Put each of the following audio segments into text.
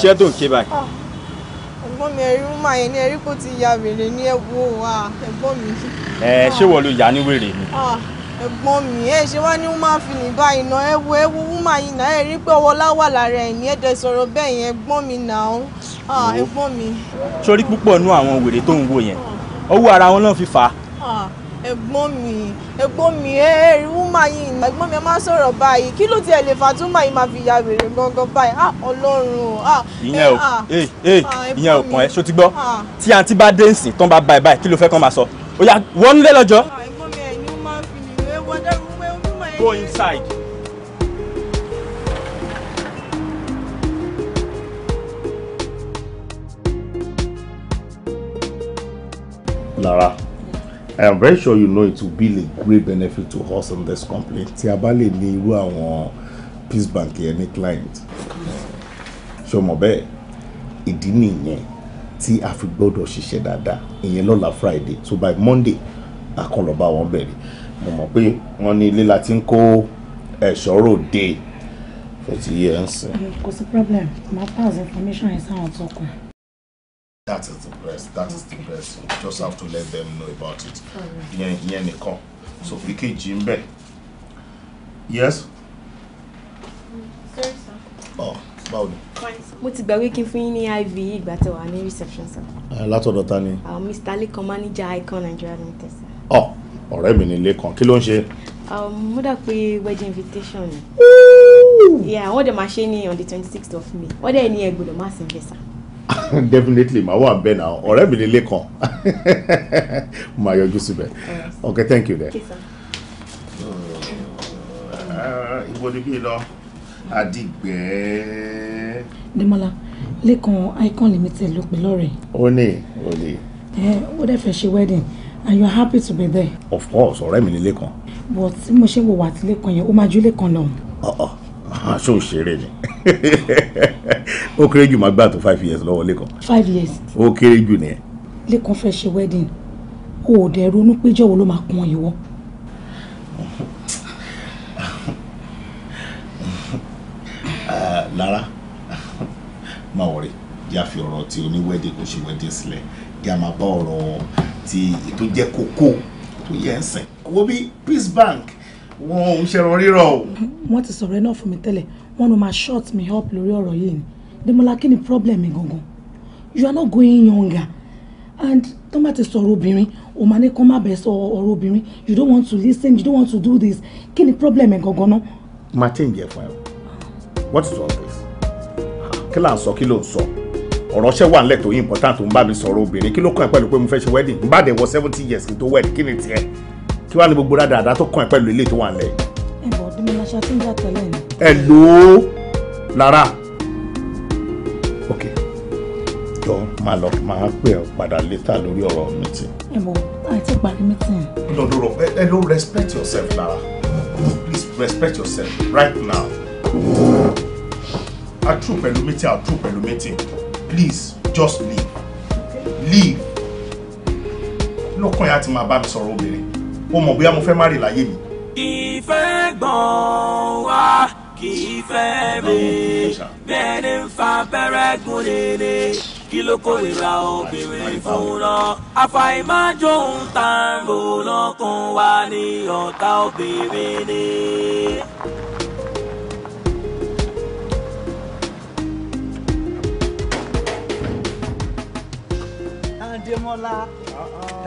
iṣẹ́ tó ń ṣe báyìí. Ah, ẹ̀gbọ́n mi ẹ̀rí máa yẹn ní ẹ̀rí kó ti ya wèrè ah. ní ẹ̀wọ̀ wa ah, ẹ̀gbọ́n mi. ẹ ṣé wọ́n ló yà ní wèrè ni. ẹ̀gbọ́n mi ẹ ṣe wá ní woman fini báyìí náà ẹ wo ẹ wo woman yìí náà ẹ rí pé ọwọ́ láwà lára ẹ̀ ní ẹ̀dẹ̀ sọ̀rọ̀ bẹ́ẹ̀ yẹn ẹ̀gbọ́n mi náà ẹ̀gbọ́n mi. sórí púpọ̀ nú àwọn wèrè tó ń wo yẹn ọwọ́ ara wọn náà fi fà á ẹ̀gbọ́n mi ẹ̀gbọ́n mi ẹ ẹ̀rí wúmà yìí ni ẹ̀gbọ́n mi ẹ má sọ̀rọ̀ báyìí kí ló tiẹ̀ lè fà tó máa yìí máa fi ya wèrè gangan báyìí ah ọlọ́run ah ìyẹn o ee eh, ah. ee eh, eh, ah, ìyẹn o kàn ẹ́ ṣó ti gbọ́ ah. tí àǹtí bá dé nsìn tán bá ba ẹ̀ báyìí kí ló fẹ́ kán máa sọ ó yá wọ́n nílé lọ́jọ́. Go inside. Lara. I am very sure you know it will be a great benefit to us in this company. Tí a bá lè ní irú àwọn Peace Bank yẹn ní client. Ṣé o mọ̀ bẹ́ẹ̀? Ìdí nìyẹn tí a fi gbọ́dọ̀ ṣiṣẹ́ dáadáa. Ìyẹn lọ́la Friday. So by Monday, a kàn lọ bá wọn bẹ̀rẹ̀. Mo mọ̀ pé wọ́n ní ilé la ti ń kó ẹ̀ṣọ́ ròde. Fẹ́ ti yẹ sìn. Kò sí problem. Màá pass information yẹn sáwọn tó kù that is the best that is the best you just have to let them know about it ìyẹn ìyẹn nìkan so ìkejì Jimbe. yes. sorry sir. ọ oh, báwo ni. mo ti gbàgbé kí n fún yín ní iv ìgbà tẹ wà ní reception sir. Eh, látọ̀dọ̀ ta ni. Uh, mr lekan manager icon nigeria limited sir. ọ oh, ọ̀rẹ́ mi ni lekan kí ló ń ṣe. Um, mo dà pé wedding invitation ni. yeah wọ́n dẹ̀ máa ṣe ní on the twenty sixth of may wọ́n dẹ̀ ní ẹ gbọ́dọ̀ má ń bẹ̀ sir. definitely màá wà bẹ́ẹ̀ náà ọ̀rẹ́ mi nílé kan màá yọjú síbẹ̀ okay thank you there. ìwọ uh, ni bí lọ adigbẹ́. demola lẹ́kan icon limited ló pè lọ́rẹ̀. ó ní ó ní. ẹ eh, ó dẹ́ fẹ́ ṣe wedding and you are happy to be there. of course ọ̀rẹ́ mi ni lẹ́kan. but tí mo ṣe wò wá àti lẹ́kan yẹn ó máa ju lẹ́kan lọ. Ah, ah. Ah, ṣé ṣeré ni ó kéré jù máa gbà tó five years lọ́wọ́ lẹ́kọ̀ọ́. five years. ó kéré jù nìyẹn. lẹ́kọ̀ọ́ fẹ́ ṣe wedding o ò dẹ̀ ronú pé jọ̀wọ́ ló máa kún ìwọ. lára máa wọ̀rẹ́ yá fi ọ̀rọ̀ tí wedding, kò ṣe wedding, sílẹ̀ yá máa bá ọ̀rọ̀ tí ètò jẹ́ kókó tó yẹ ń sìn. wo bí Peace Bank wọn ò ń ṣẹran rírọ o. wọ́n ti sọ̀rọ̀ ẹ náà fún mi tẹ́lẹ̀ wọ́n ló máa short me up lórí ọ̀rọ̀ yìí ni Demola kí ni problem mi gangan you are not going younger and tó bá ti sọ̀rọ̀ obìnrin o máa ní kó má bẹ̀ sọ ọ̀rọ̀ obìnrin you don't want to listen you don't want to do this kí ni problem mi gangan náà. martin jẹ fún ẹ what is all this kí là ń sọ kí ló ń sọ ọ̀rọ̀ ṣẹ́ wà nílẹ̀ tó important tó ń bá mi sọ̀rọ̀ obìnrin kí ló kàn pẹ̀lú pé mo fẹ́ ṣe wedding n bá dẹ̀ wọ seventy years kí n tó wed kí ni tiẹ̀ kí wàá ní gbogbo dáadáa tó kàn ẹ́ pẹ̀lú ilé tó wà nílẹ̀. ẹ bọ̀ dúnmọ́lá ṣe àti ń jà tẹ́lẹ̀ ni. ẹ lò ó lára ok jọ máa lọ máa pè ọ padà létà lórí ọ̀rọ̀ mítìn. ẹ bọ̀ àti parí mítìn. lọ́dọ̀ rọ ẹ ló respect yourself lára please respect yourself right now. a true pẹ̀lú mítìn a true pẹ̀lú mítìn please just leave leave lọ́kàn yà ti máa bá mi sọ̀rọ̀ obìnrin kó mọ̀ bóyá mo fẹ́ má rè láyé mi. ìfẹ́ gbọ̀n wá kì í fẹ́ mi bẹ́ẹ̀ ni ń fa abẹ́rẹ́ gún nílé kí ló kórìíra obìnrin fún náà àfàìmájò ń tàǹbò lọ́kùn wá ní ọ̀tá obìnrin ni. Adémọ́lá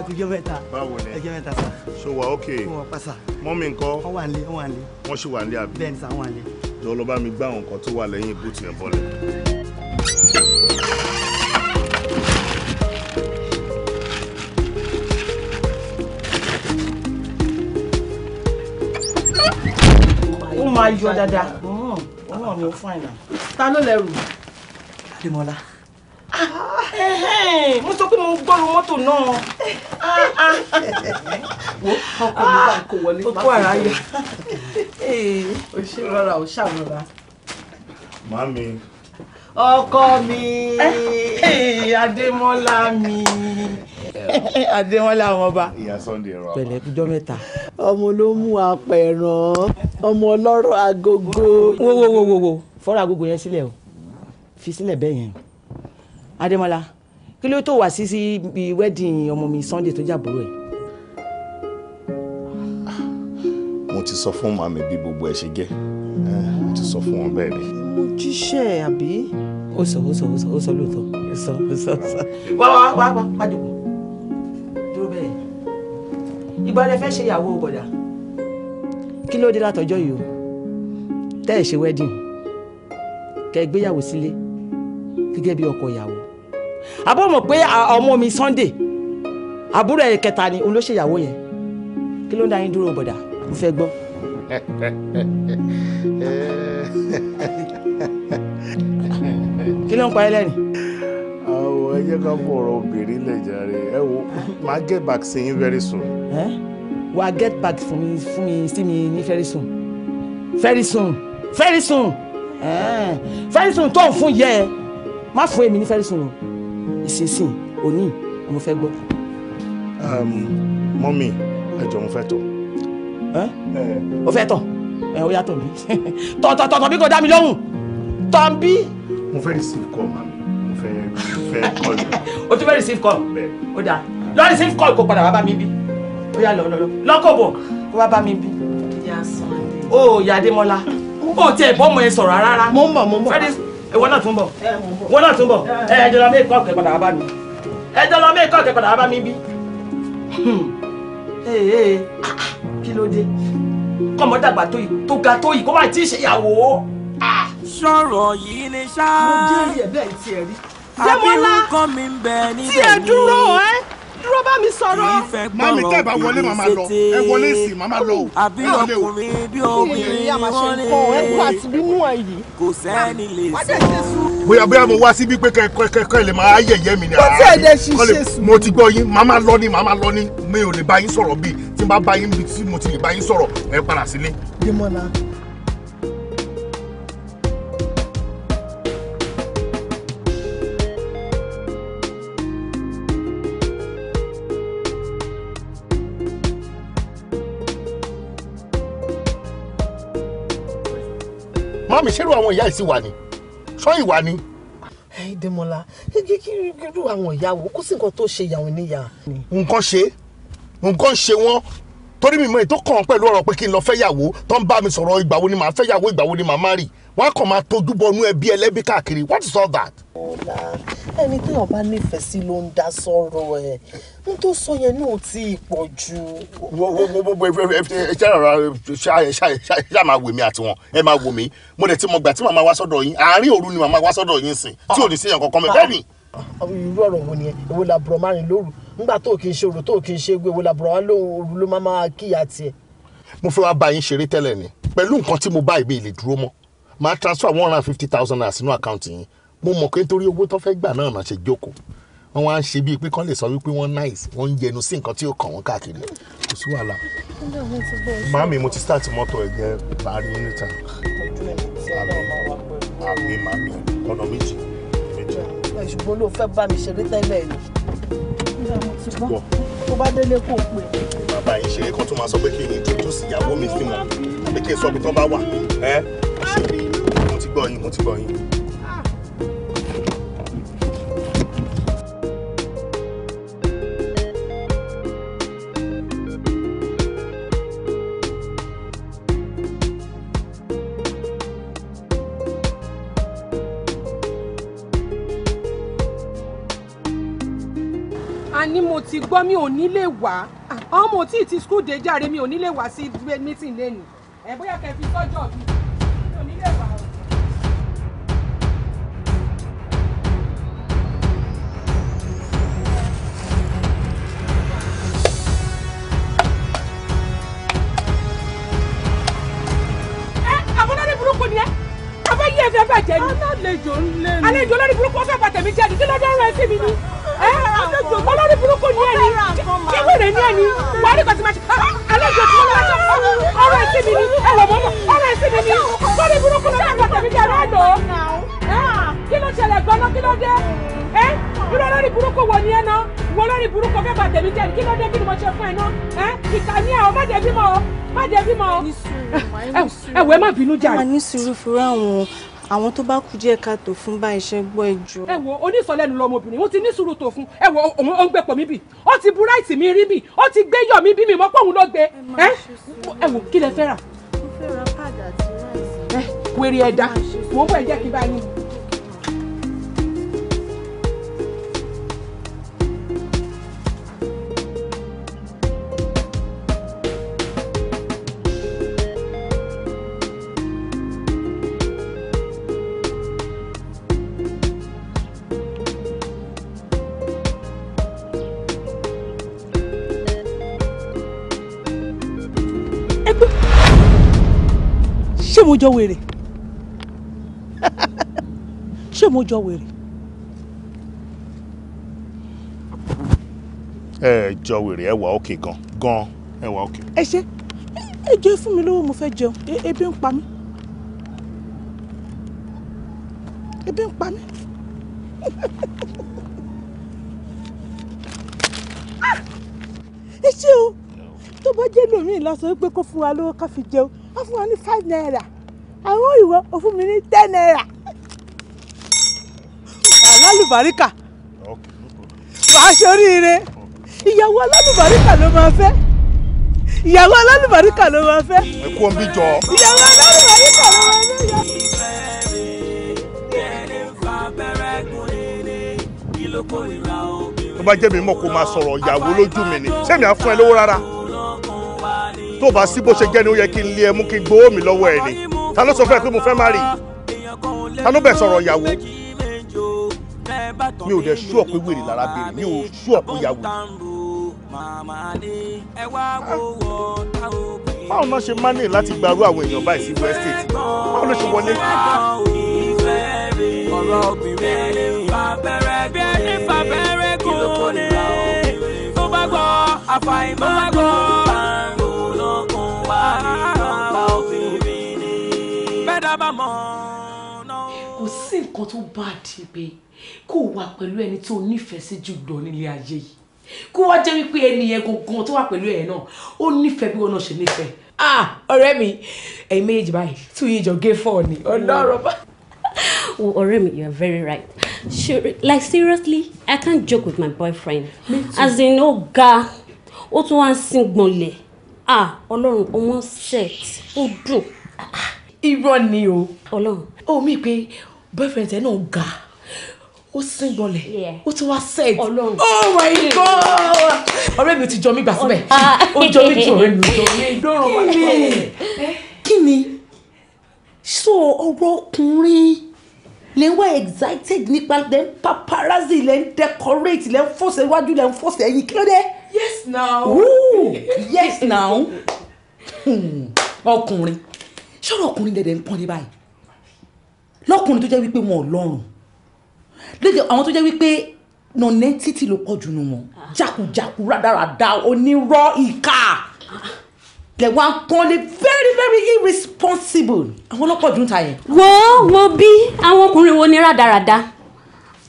àtijọ́ mẹ́ta. báwo ni ẹjọ́ mẹ́ta sá. so wa ok. wọ́n wà pàṣà. mọ́mí ńkọ́. wọ́n wà nílé wọ́n wà nílé. wọ́n sì wà nílé àbí. bẹ́ẹ̀ni sá wọ́n wà nílé. jọ lọ bá mi gbá àwọn nǹkan tó wà lẹ́yìn bùtù yẹn bọ́lẹ̀. ó máa yọ dáadáa òun náà òun fún àìná ta ló lẹrù. Adémọ́lá mo sọ pé mo gbọ́rù mọ́tò náà wo ọkọ mi bá kó wọlé okó ara yà ó ṣe rọra ó ṣàrọra. màámi. ọkọ mi adémọ́lá mi adémọ́lá àwọn ọba pẹ̀lẹ́ kújọ́ ọmọ ló mú apẹ̀ràn ọmọ ọlọ́rọ̀ agogo. wo wo wo wo fọ́ra agogo yẹn sílẹ̀ o fi sílẹ̀ bẹ́ẹ̀ yẹn adémọ́lá kí ló tó wá sí sí ibi wedding ọmọ mi sunday tó jàbúrò ẹ̀. mo ti sọ fún màmí bí gbogbo ẹ ṣe jẹ́ eh, mo ti sọ fún wọn bẹ́ẹ̀ ni. mo jíṣẹ́ àbí. ó sọ ó sọ ó sọ ó sọ lóòótọ́ ó sọ ó sọ ó sọ. wá wá wá wá wá jòkó dúró bẹ́ẹ̀ ìgbà fẹ́ ṣe ìyàwó bọ̀dà kí ló dé látọjọ́ yìí o tẹ́ ẹ̀ ṣe wedding kẹ́ ẹ gbéyàwó sílé gẹ́gẹ́ bí ọkọ ìyàwó àbọ̀ mọ̀ pé ọmọ mi Sunday àbúrò ẹ̀ kẹta ni òun ló ṣèyàwó yẹn kí ló ń dá yín dúró bọ̀dà mo fẹ́ gbọ́. kí ló ń pa ẹ́ lẹ́rìn. àwọn ẹ jẹ́ ká fọ̀rọ̀ obìnrin lẹ̀ jàre ẹ wo máa get back sí yín very soon. wàá get back fún mi fún mi sí mi ní very soon very soon very soon very soon tó ń fún yẹ ẹ má fún èmi ní very soon o ìsinsìn òní mo fẹ́ gbọ́. mọ́mì ẹ̀jọ̀ mo fẹ́ tọ̀. o fẹ́ tọ̀ ẹ ó yàtọ̀ bí tọ̀tọ̀tọ̀ bí kò dá mi lóhùn tọ̀ ń bí. mo fẹ́ receive call ma mo fẹ́ fẹ́ call. o tún fẹ́ receive call ó dáa lọ receive call kó padà wá bá mi bí ó yà lọ lọ lọ lọ́kọ̀ bọ̀ kó wá bá mi bí. ìyá sọ̀rọ̀ ó yà Adémọ́lá ó tiẹ̀ bọ́ ọmọ ẹ sọ̀rọ̀ rárá. mo ń mo ń ìwọ eh, náà tún bọ̀ ìwọ eh, náà tún bọ̀ eh, ẹ jọ lọ mí kọ́ ọ̀kẹ́ padà bá mi ẹ jọ lọ mí kọ́ ọ̀kẹ́ padà bá mi bí. Hmm. kí ló dé kọ́mọ dàgbà tó yìí tó ga tó yìí kó má tí ì ṣèyàwó. Ah. sọ̀rọ̀ yìí ni ṣáá. mo jẹ́ ẹ̀rí ẹ̀ bẹ́ẹ̀ àbí nǹkan mi ń bẹ níbẹ̀ ni. tí ẹ dúró ẹ́ dúró bá mi sọ̀rọ̀. mami tẹ́ ẹ bá wọlé màmá lọ ẹ wọlé sí màmá lọ o. àbí ọkùnrin bí obìnrin wọn lè kó ẹkú àti bínú ẹ yìí. kò sẹ́ni lè sọ. bóyá bóyá mo wá síbí pé kẹ́kẹ́ lè máa yẹ̀yẹ́ mi ni. kò tí ẹ dẹ ṣì ṣe sùn. mo ti gbọ́ yín màmá lọ ni màmá lọ ni mi ò lè bá yín sọ̀rọ̀ bíi tí n bá bá yín bíi tí mo ti lè bá yín sọ̀rọ̀ ẹ padà sílé. Dèmọ́lá mi ṣerú àwọn ìyá ìsìn wà ní ṣọ́ ìwà ni. ẹ Dẹ́mọ́lá irú àwọn ìyá wo kó sì nǹkan tó ṣe ìyàwó níyà. nǹkan ṣe nǹkan ṣe wọ́n torí mi mọ ètò kàn pẹ̀lú ọ̀rọ̀ pé kí n lọ fẹ́ tó ń bá mi sọ̀rọ̀ ìgbàwo ni màá fẹ́ yàwó ni màá má rì wọ́n á kàn máa tọ́jú bọnú ẹbí ẹlẹ́bí káàkiri what is all that. ọ̀la ẹni téèyàn bá nífẹ̀ẹ́ sí ló ń dá sọ̀rọ̀ ẹ̀ n tó sọ yẹn náà ti pọ̀ jù. ṣé ara ṣá máa wèmí àti wọn ẹ máa wò mí mo dẹ̀ ti mọ̀ gbà tí màmá wá sọ́dọ̀ yín àárín òru ni màmá wá sọ́dọ̀ yín sìn tí ò ní sí ẹ̀yàn kankan mẹ́ bẹ́ẹ̀ ni. irú ọ̀rọ̀ wo ni ẹ èwo làbúrò márùn-ún lóru nígbà tó kì í ṣe òru tó kì í ṣe egbò èwo làbúrò wa lóru ló máa máa kíyà tiẹ̀. mo fẹ́ wá bá yín ṣeré tẹ́lẹ̀ ni pẹ̀lú nǹkan tí mo bá ìbí ìlè dúró mọ́ máa transfer one hundred and fifty thousand naira sínú àkáǹtì yín mo mọ̀ pé nítorí owó tó fẹ́ gbà náà máa ṣe jókòó wọ́n wá ń ṣe bíi pé kán lè sọ wípé wọ́n nice wọ́n ń yẹnu sí nǹkan tí ó kàn wọ́n káàkiri kò sí wàhálà. màámi mo ti start mọ́tò ẹ̀ jẹ́ parí níta. àmì màámi ọ̀nà méjì méjì. ṣùgbọ́n ló fẹ́ bá mi ṣeré tẹ́lẹ̀ ni. tó bá délé kó pè. bàbá ìṣeré kan tó máa sọ pé kí n tó sí ìyàwó mi fi mọ̀ pé kí n sọ pé tó bá wà mo ti gbọ́ yín mo ti gbọ́ yín. ni mo ti gbọ́ mi ò nílé wá ọmọ tí ì ti skul dé jàre mi ò nílé wá sí meeting lẹ́nu ẹ̀ bóyá kẹ́ fi sọ́jọ́ mi. alejò ń lé lórí burúkú ọsàn bàtẹ̀ mi jẹ́ àdìgí lọ́dọ̀ ọ̀rọ̀ ẹ̀sìn mi ni. alejò olórí burúkú ni ẹni kí wèrè ni ẹni wà á rí máa ṣe alejò ah, tí wọ́n máa ṣe ah, ọ̀rọ̀ ẹ̀sìn mi ni ẹ̀rọ mọ́mọ́ ọ̀rọ̀ ẹ̀sìn mi ni lórí burúkú lọ́dọ̀ bàtẹ̀ mi jẹ́ àdìgí kí ló ṣẹlẹ̀ gbọ́ná kí ló dé ẹ́ irú olórí burúkú wo ni ẹ ná wo lórí burúkú fẹ́ bàtẹ̀ mi jẹ́ kí ló dé kí ni mo ṣe fún ẹ ná ẹ́ ni ẹ ọ má dẹ̀ bímọ ọ má dẹ̀ bímọ ọ. ẹ wọ má bínú jàre. ẹ má ní sùúrù fúra wọn àwọn tó bá kú díẹ̀ káàtó fún bá iṣẹ́ gbọ́ ẹjọ́. ẹ wo onísọlẹ́nu lọmọbìnrin wọ́n ti ní sùúrù tó fún ẹ wo òun ó ń gbé pọ̀ mi bì ó ti búráìtì mi rí bì ó ti gbé yọ̀ mi bí mi mọ́ pọ̀ òun ló gbé ẹ ẹ wo kí lẹ fẹ́ rà. mo fẹ́ ra pad àti ráìsì. ẹ wèrè ẹ̀dá mo bọ̀ jẹ́ kí n bá yín. ṣé mo jọ wèrè ṣé mo jọ wèrè. ẹ jọ wèrè ẹ wà òkè gan gan ẹ wà òkè. ẹ ṣe ẹ jẹ fún mi lówó mo fẹ́ jẹun e, ebi ń pa mí ebi ń pa mí. ẹ ṣe o tó bá jẹ́ lómi ìlọsọ pé kó fún wa lówó ká fi jẹun á fún wa ní five naira àwọn òyìnbó ó fún mi ní ten naira alálùbáríkà wàá ṣoríire ìyàwó alálùbáríkà ló máa fẹ́ ìyàwó alálùbáríkà ló máa fẹ́. ẹ kú omi jọ. ìyàwó alálùbáríkà ló máa fẹ́ yọ. tó bá jẹ́ mi mọ̀ kó máa sọ̀rọ̀ ìyàwó lójú mi ni sẹ́mi á fún ẹ lówó rárá tó bá sí bó ṣe jẹ́ ni ó yẹ kí n lé ẹ mú kí n gbowó mi lọ́wọ́ ẹ ni ta ló sọ fún ẹ pé mo fẹ́ má rí ta ló bẹ̀ sọ̀rọ̀ ìyàwó mi ò dẹ̀ sú ọ̀pẹ wèrè lára bèrè mi ò sú ọ̀pẹ ìyàwó. báwo náà ṣe máa ní láti gbarú àwọn èèyàn báyìí sí West State báwo ló ṣe wọlé. bí ẹni fàbẹ̀rẹ̀ kò ní tó bá gbọ́ àfàìmọ̀ gbọ́. nǹkan tó bá di pé kó wà pẹ̀lú ẹni tó nífẹ̀ẹ́ sí jùlọ nílé ayé yìí kó wá jẹ́ wípé ẹni yẹn gangan tó wà pẹ̀lú ẹ̀ náà ó nífẹ̀ẹ́ bí wọn ṣe nífẹ̀ẹ́. ah ọ̀rẹ́ mi ẹ̀yin méjèèjì báyìí tún yín jọ gé fọ́ ni ọlọ́run bá. ọ̀rẹ́ mi you are very right sure like seriously i can't joke with my boyfriend as in ó ga ó tún wá ń sin gbọ̀nlẹ̀ ah ọlọ́run ọmọ set ó dùn. irọ́ ni o. ọlọ́run. Omi mi pé boyfriend ẹ náà ga ó sín gbọlẹ̀ ó ti wá sẹ́ẹ̀d oh my god ọ̀rẹ́ mi ti jọ mí gbà síbẹ̀ ah. ó jọ mí jù ọ̀rẹ́ mi lọ́rọ̀ kí ni so ọ̀rọ̀ ọkùnrin lè wá excited nípa lè ń paparazzi lè ń decorate lè ń fọ́sẹ̀ iwájú lè ń fọ́sẹ̀ ẹ̀yìn kí ló dé. yes now. Ooh, yes now. Hmm, ọkùnrin ṣọ́rọ̀ ọkùnrin dẹ̀dẹ̀ ń pọ́n ní báyìí lọ́kùnrin tó jẹ́ wípé wọn ò lọ́rùn lédè àwọn tó jẹ́ wípé nọ̀nẹ́ títì ló pọ̀ jù nù wọn ah. jákujàku rádaràda onírọ́ ìka The one kan lè very very irresponsible àwọn ló pọ̀ jù ń ta yẹn. wo wo bí àwọn ọkùnrin wo ni rádaràda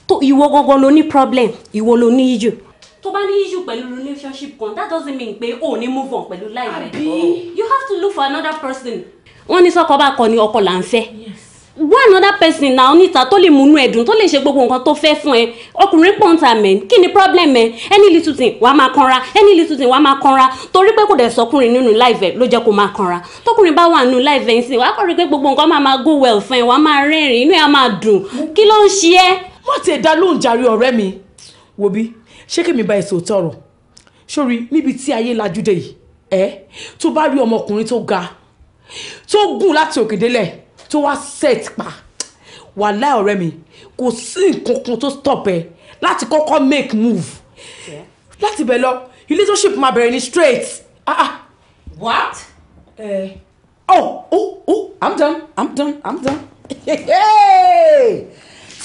tó ìwọ gangan ló ní problem ìwọ ló ní issue tó bá ní issue pẹ̀lú relationship kan that doesn't mean pé o ní move on pẹ̀lú life rẹ you have to look for another person. wọ́n ní sọ́kọ bá kọ ni ọkọ là ń fẹ́. yes wá another person náà níta tó lè múnú ẹ̀dùn tó lè ṣe gbogbo nǹkan tó fẹ́ fún ẹ ọkùnrin pọ́ǹta mẹ́ kí ni problem ẹ any little thing wàá máa kanra any little thing wàá máa kanra torí pé kò dẹ̀ sọkùnrin nínú life ẹ ló jẹ́ kó máa kanra tọkùnrin bá wà nínú life ẹ ń sìn wàá kọ́ rí pé gbogbo nǹkan máa máa go well fún ẹ wàá máa rẹ́rìn inú ẹ á máa dùn kí ló ń ṣe ẹ́. wọ́n ti dá lóhùn jàre ọ̀rẹ́ mi wò bí ṣé kí mi ba èso tọrọ sórí níbi tí ayé lajú dé yìí ẹ tó bá rí ọmọkùnrin tó ga tó gùn láti òkè délẹ̀ tó wá set pa wàhálà ọ̀rẹ́ mi kò sí nǹkan kan tó stop ẹ láti kọ́kọ́ make move láti bẹ̀ lọ relationship máa bẹ̀rẹ̀ ní straight. Ah, ah. what. Uh, oh oh oh i'm done i'm done i'm done.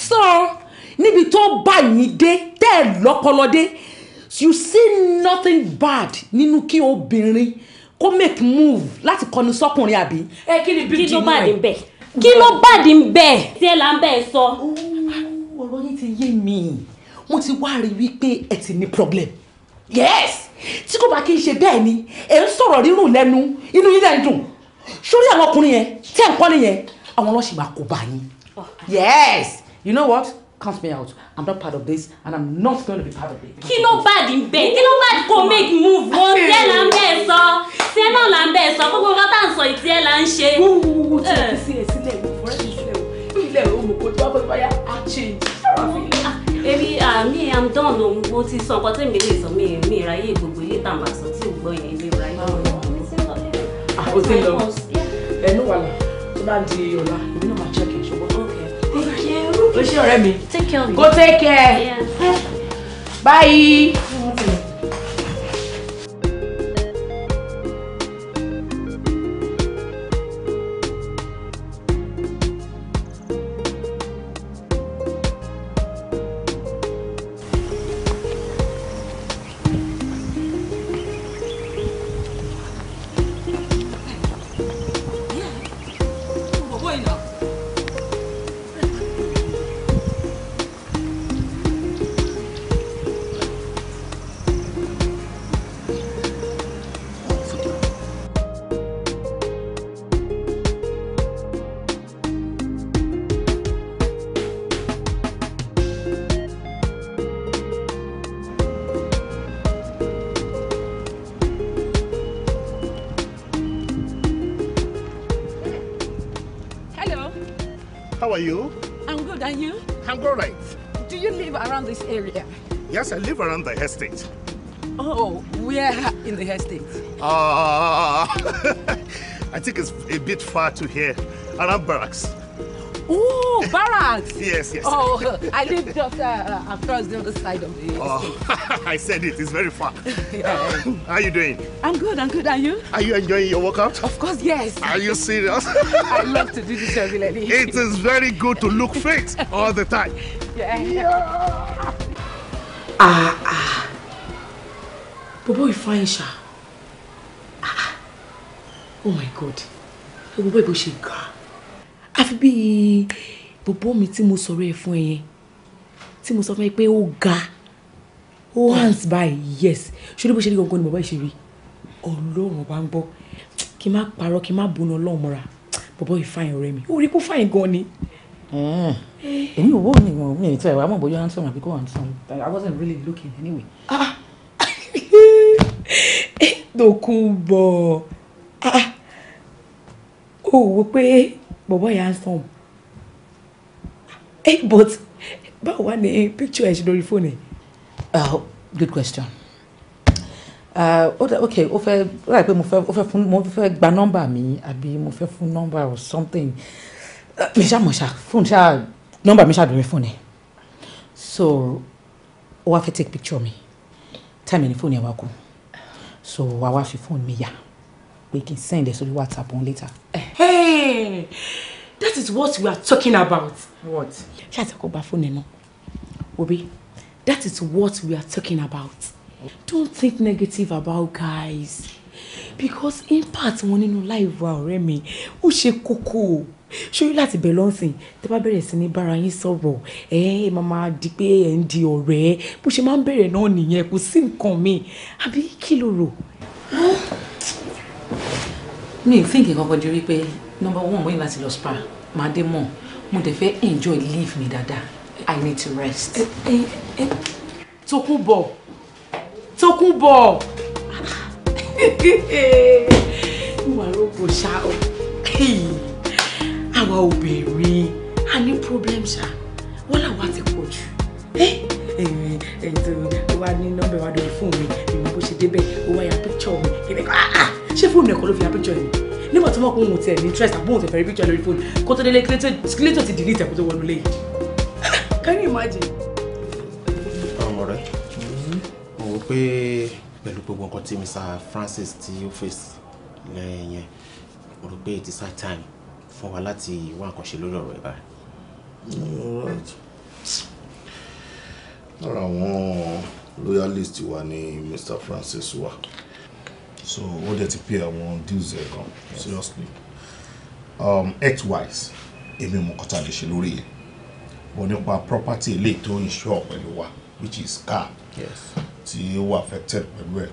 so níbi tó bá yín dé tẹ́ ẹ lọ́pọlọ dé you see nothing bad nínú kí obìnrin kó make move láti kọni sọkùnrin àbí. ẹ kí ni bí kí ló máa dé bẹ́ẹ̀ kí ló bàdí ń bẹ̀. tiẹ̀ là ń bẹ̀ sọ. ọ̀rọ̀ yín ti yé mi mo ti wá rí wípé ẹ ti ní problem yes tí kò bá kí n ṣe bẹ́ẹ̀ ni ẹ ń sọ̀rọ̀ rírùn lẹ́nu inú yín dẹ̀ ń dùn sórí àwọn ọkùnrin yẹn tẹ́ ń kọ́ nìyẹn àwọn ọlọ́sìn máa kó bá yín oh, yes you know what count me out i'm not part of this and i'm not going to be part of it. kí ló bá di bẹ́ẹ̀ kí ló bá di kó make move o tiẹ̀ là ń bẹ́ẹ̀ sọ tiẹ̀ náà là ń bẹ́ẹ̀ sọ gbogbo nǹkan tá à ń sọ ìtiẹ̀ là ń ṣe. wúwúwú tí o fi sílẹ̀ sílẹ̀ wò fún ẹ̀sìn sílẹ̀ wò ilẹ̀ òmù kò tó bá báyà á change. èmi mi am done o mo ti sọ ọkọ tí mi lè sọ mi mi ráyè gbogbo ilé tàǹbà sọ tí ò gbọ́ yẹn mi ráyè gbogbo mi ti lọ. àwọn ti lọ ẹnu wàhálà tó bá di ọ̀la èmi náà máa check ẹ̀ ṣùgbọ́n ó ṣe ọ̀rẹ́ mi care you. Go take care. Yeah. Bye. are you? I'm good, and you? I'm all right. Do you live around this area? Yes, I live around the estate. Oh, where in the estate? Ah, uh, I think it's a bit far to here, around barracks. Oh, barracks. yes, yes. Oh, I live just uh, uh, across the other side of the. Oh, I said it. It's very far. yeah. How are you doing? I'm good. I'm good. Are you? Are you enjoying your workout? Of course, yes. Are you serious? I love to do this regularly. It is very good to look fit all the time. Yeah. yeah. Ah ah. Bobo Ifeanyi ṣá. Ah, ah. Oh my God. Ẹ wo bẹ́ẹ̀ bó bòbó mi tí mo sọ̀rọ̀ ẹ̀ fún ẹ yẹn tí mo sọ fún ẹ pé ó ga ó hands by yes ṣorí bó ṣe rí gangan ni bàbá ìṣèrí ọlọ́run bá ń gbọ́ kí n má parọ́ kí n má bóná ọlọ́run mọ́ra bọ̀bọ̀ ìfàyàn ọ̀rẹ́ mi ó rí kó fàyàn gan ni. Hmm. èmi ò wò ní ìwọ̀n mi ìtura ìwà mọ̀ bóyá handsome àbí kò handsome I wasn't really looking anyway. Ah! dòkun bọ̀ ah! ah! ó wò pé bọ̀bọ̀ yà answer hey, eh, but báwo wá ní picture ẹ̀ ṣe lórí fóònù ẹ̀. Oh, good question Uh, okay. ok ó fẹ́ ó dà pé mo fẹ́ ó fẹ́ fún mo fẹ́ gba nọ́mbà mi àbí mo fẹ́ fún or something mi ṣá mọ̀ ṣá fóònù ṣá nọ́mbà mi ṣá lórí so ó wá fẹ́ take picture me? time ẹ̀ the phone ẹ̀ wá kú so wàá wá fi phone me? Yeah, we can send this to the whatsapp on later. Eh. Hey! that is what we are talking about. what. ṣé àti ọkọ̀ gba fóònù ẹ̀ náà Obi that is what we are talking about don't think negative about guys because impact wọn nínú life wa ọ̀rẹ́ mi ó ṣe kókó o ṣóyún láti bẹ̀ lọ́sìn tẹ́ bá bẹ̀rẹ̀ sí ní bára yín sọ̀rọ̀ ẹ ẹ máa máa di pé ẹ ń di ọ̀rẹ́ bó ṣe máa ń bẹ̀rẹ̀ náà nìyẹn kò sí nǹkan mi àbí kí ló rò. mi ò fi nǹkan kan number one mo ní láti lọ spa máa dé mọ̀ mo enjoy life my dada. i need to rest. Tókunbọ̀ Tókunbọ̀ ìwà rògbò ṣá o àwa obìnrin a ní problem ṣá wọ́n làwọn àti pọ̀ jù. Eh, ẹ̀yin ẹ̀yin tó wá ní nọ́mbà wa lórí fóònù mi ìmọ̀ bó ṣe débẹ̀ ó wá ya píkṣọ̀ mi ah, ah, ṣé fóònù ẹ̀kọ́ ló fi ya píkṣọ̀ yìí nígbà tí wọ́n kún òun tiẹ̀ ní interest àbúrò òun tẹ̀ fẹ́ẹ́ rí picture lórí fóònù kó tó délé kílétò ti delete ẹ̀kú tó wọnú lé yìí can you imagine. ọ̀rẹ́ mo wò pé pẹ̀lú gbogbo nǹkan tí Mr. Francis tí ó fèsì lẹ́yìn yẹn mo rò pé it's high time fún wa láti wá nǹkan ṣe lórí ọ̀rọ̀ ẹ̀ báyìí. lára àwọn loyalist wa ni Mr. Francis wa. Wow so ó dẹ̀ ti pay àwọn deals ẹ̀ gan seriously um, ex-wise èmi mọ̀ kọ́ta lè ṣe lórí yẹn but nípa property ilé tó ń ṣọ́ pẹ̀lú wa which is car tí ó wà affected pẹ̀lú ẹ̀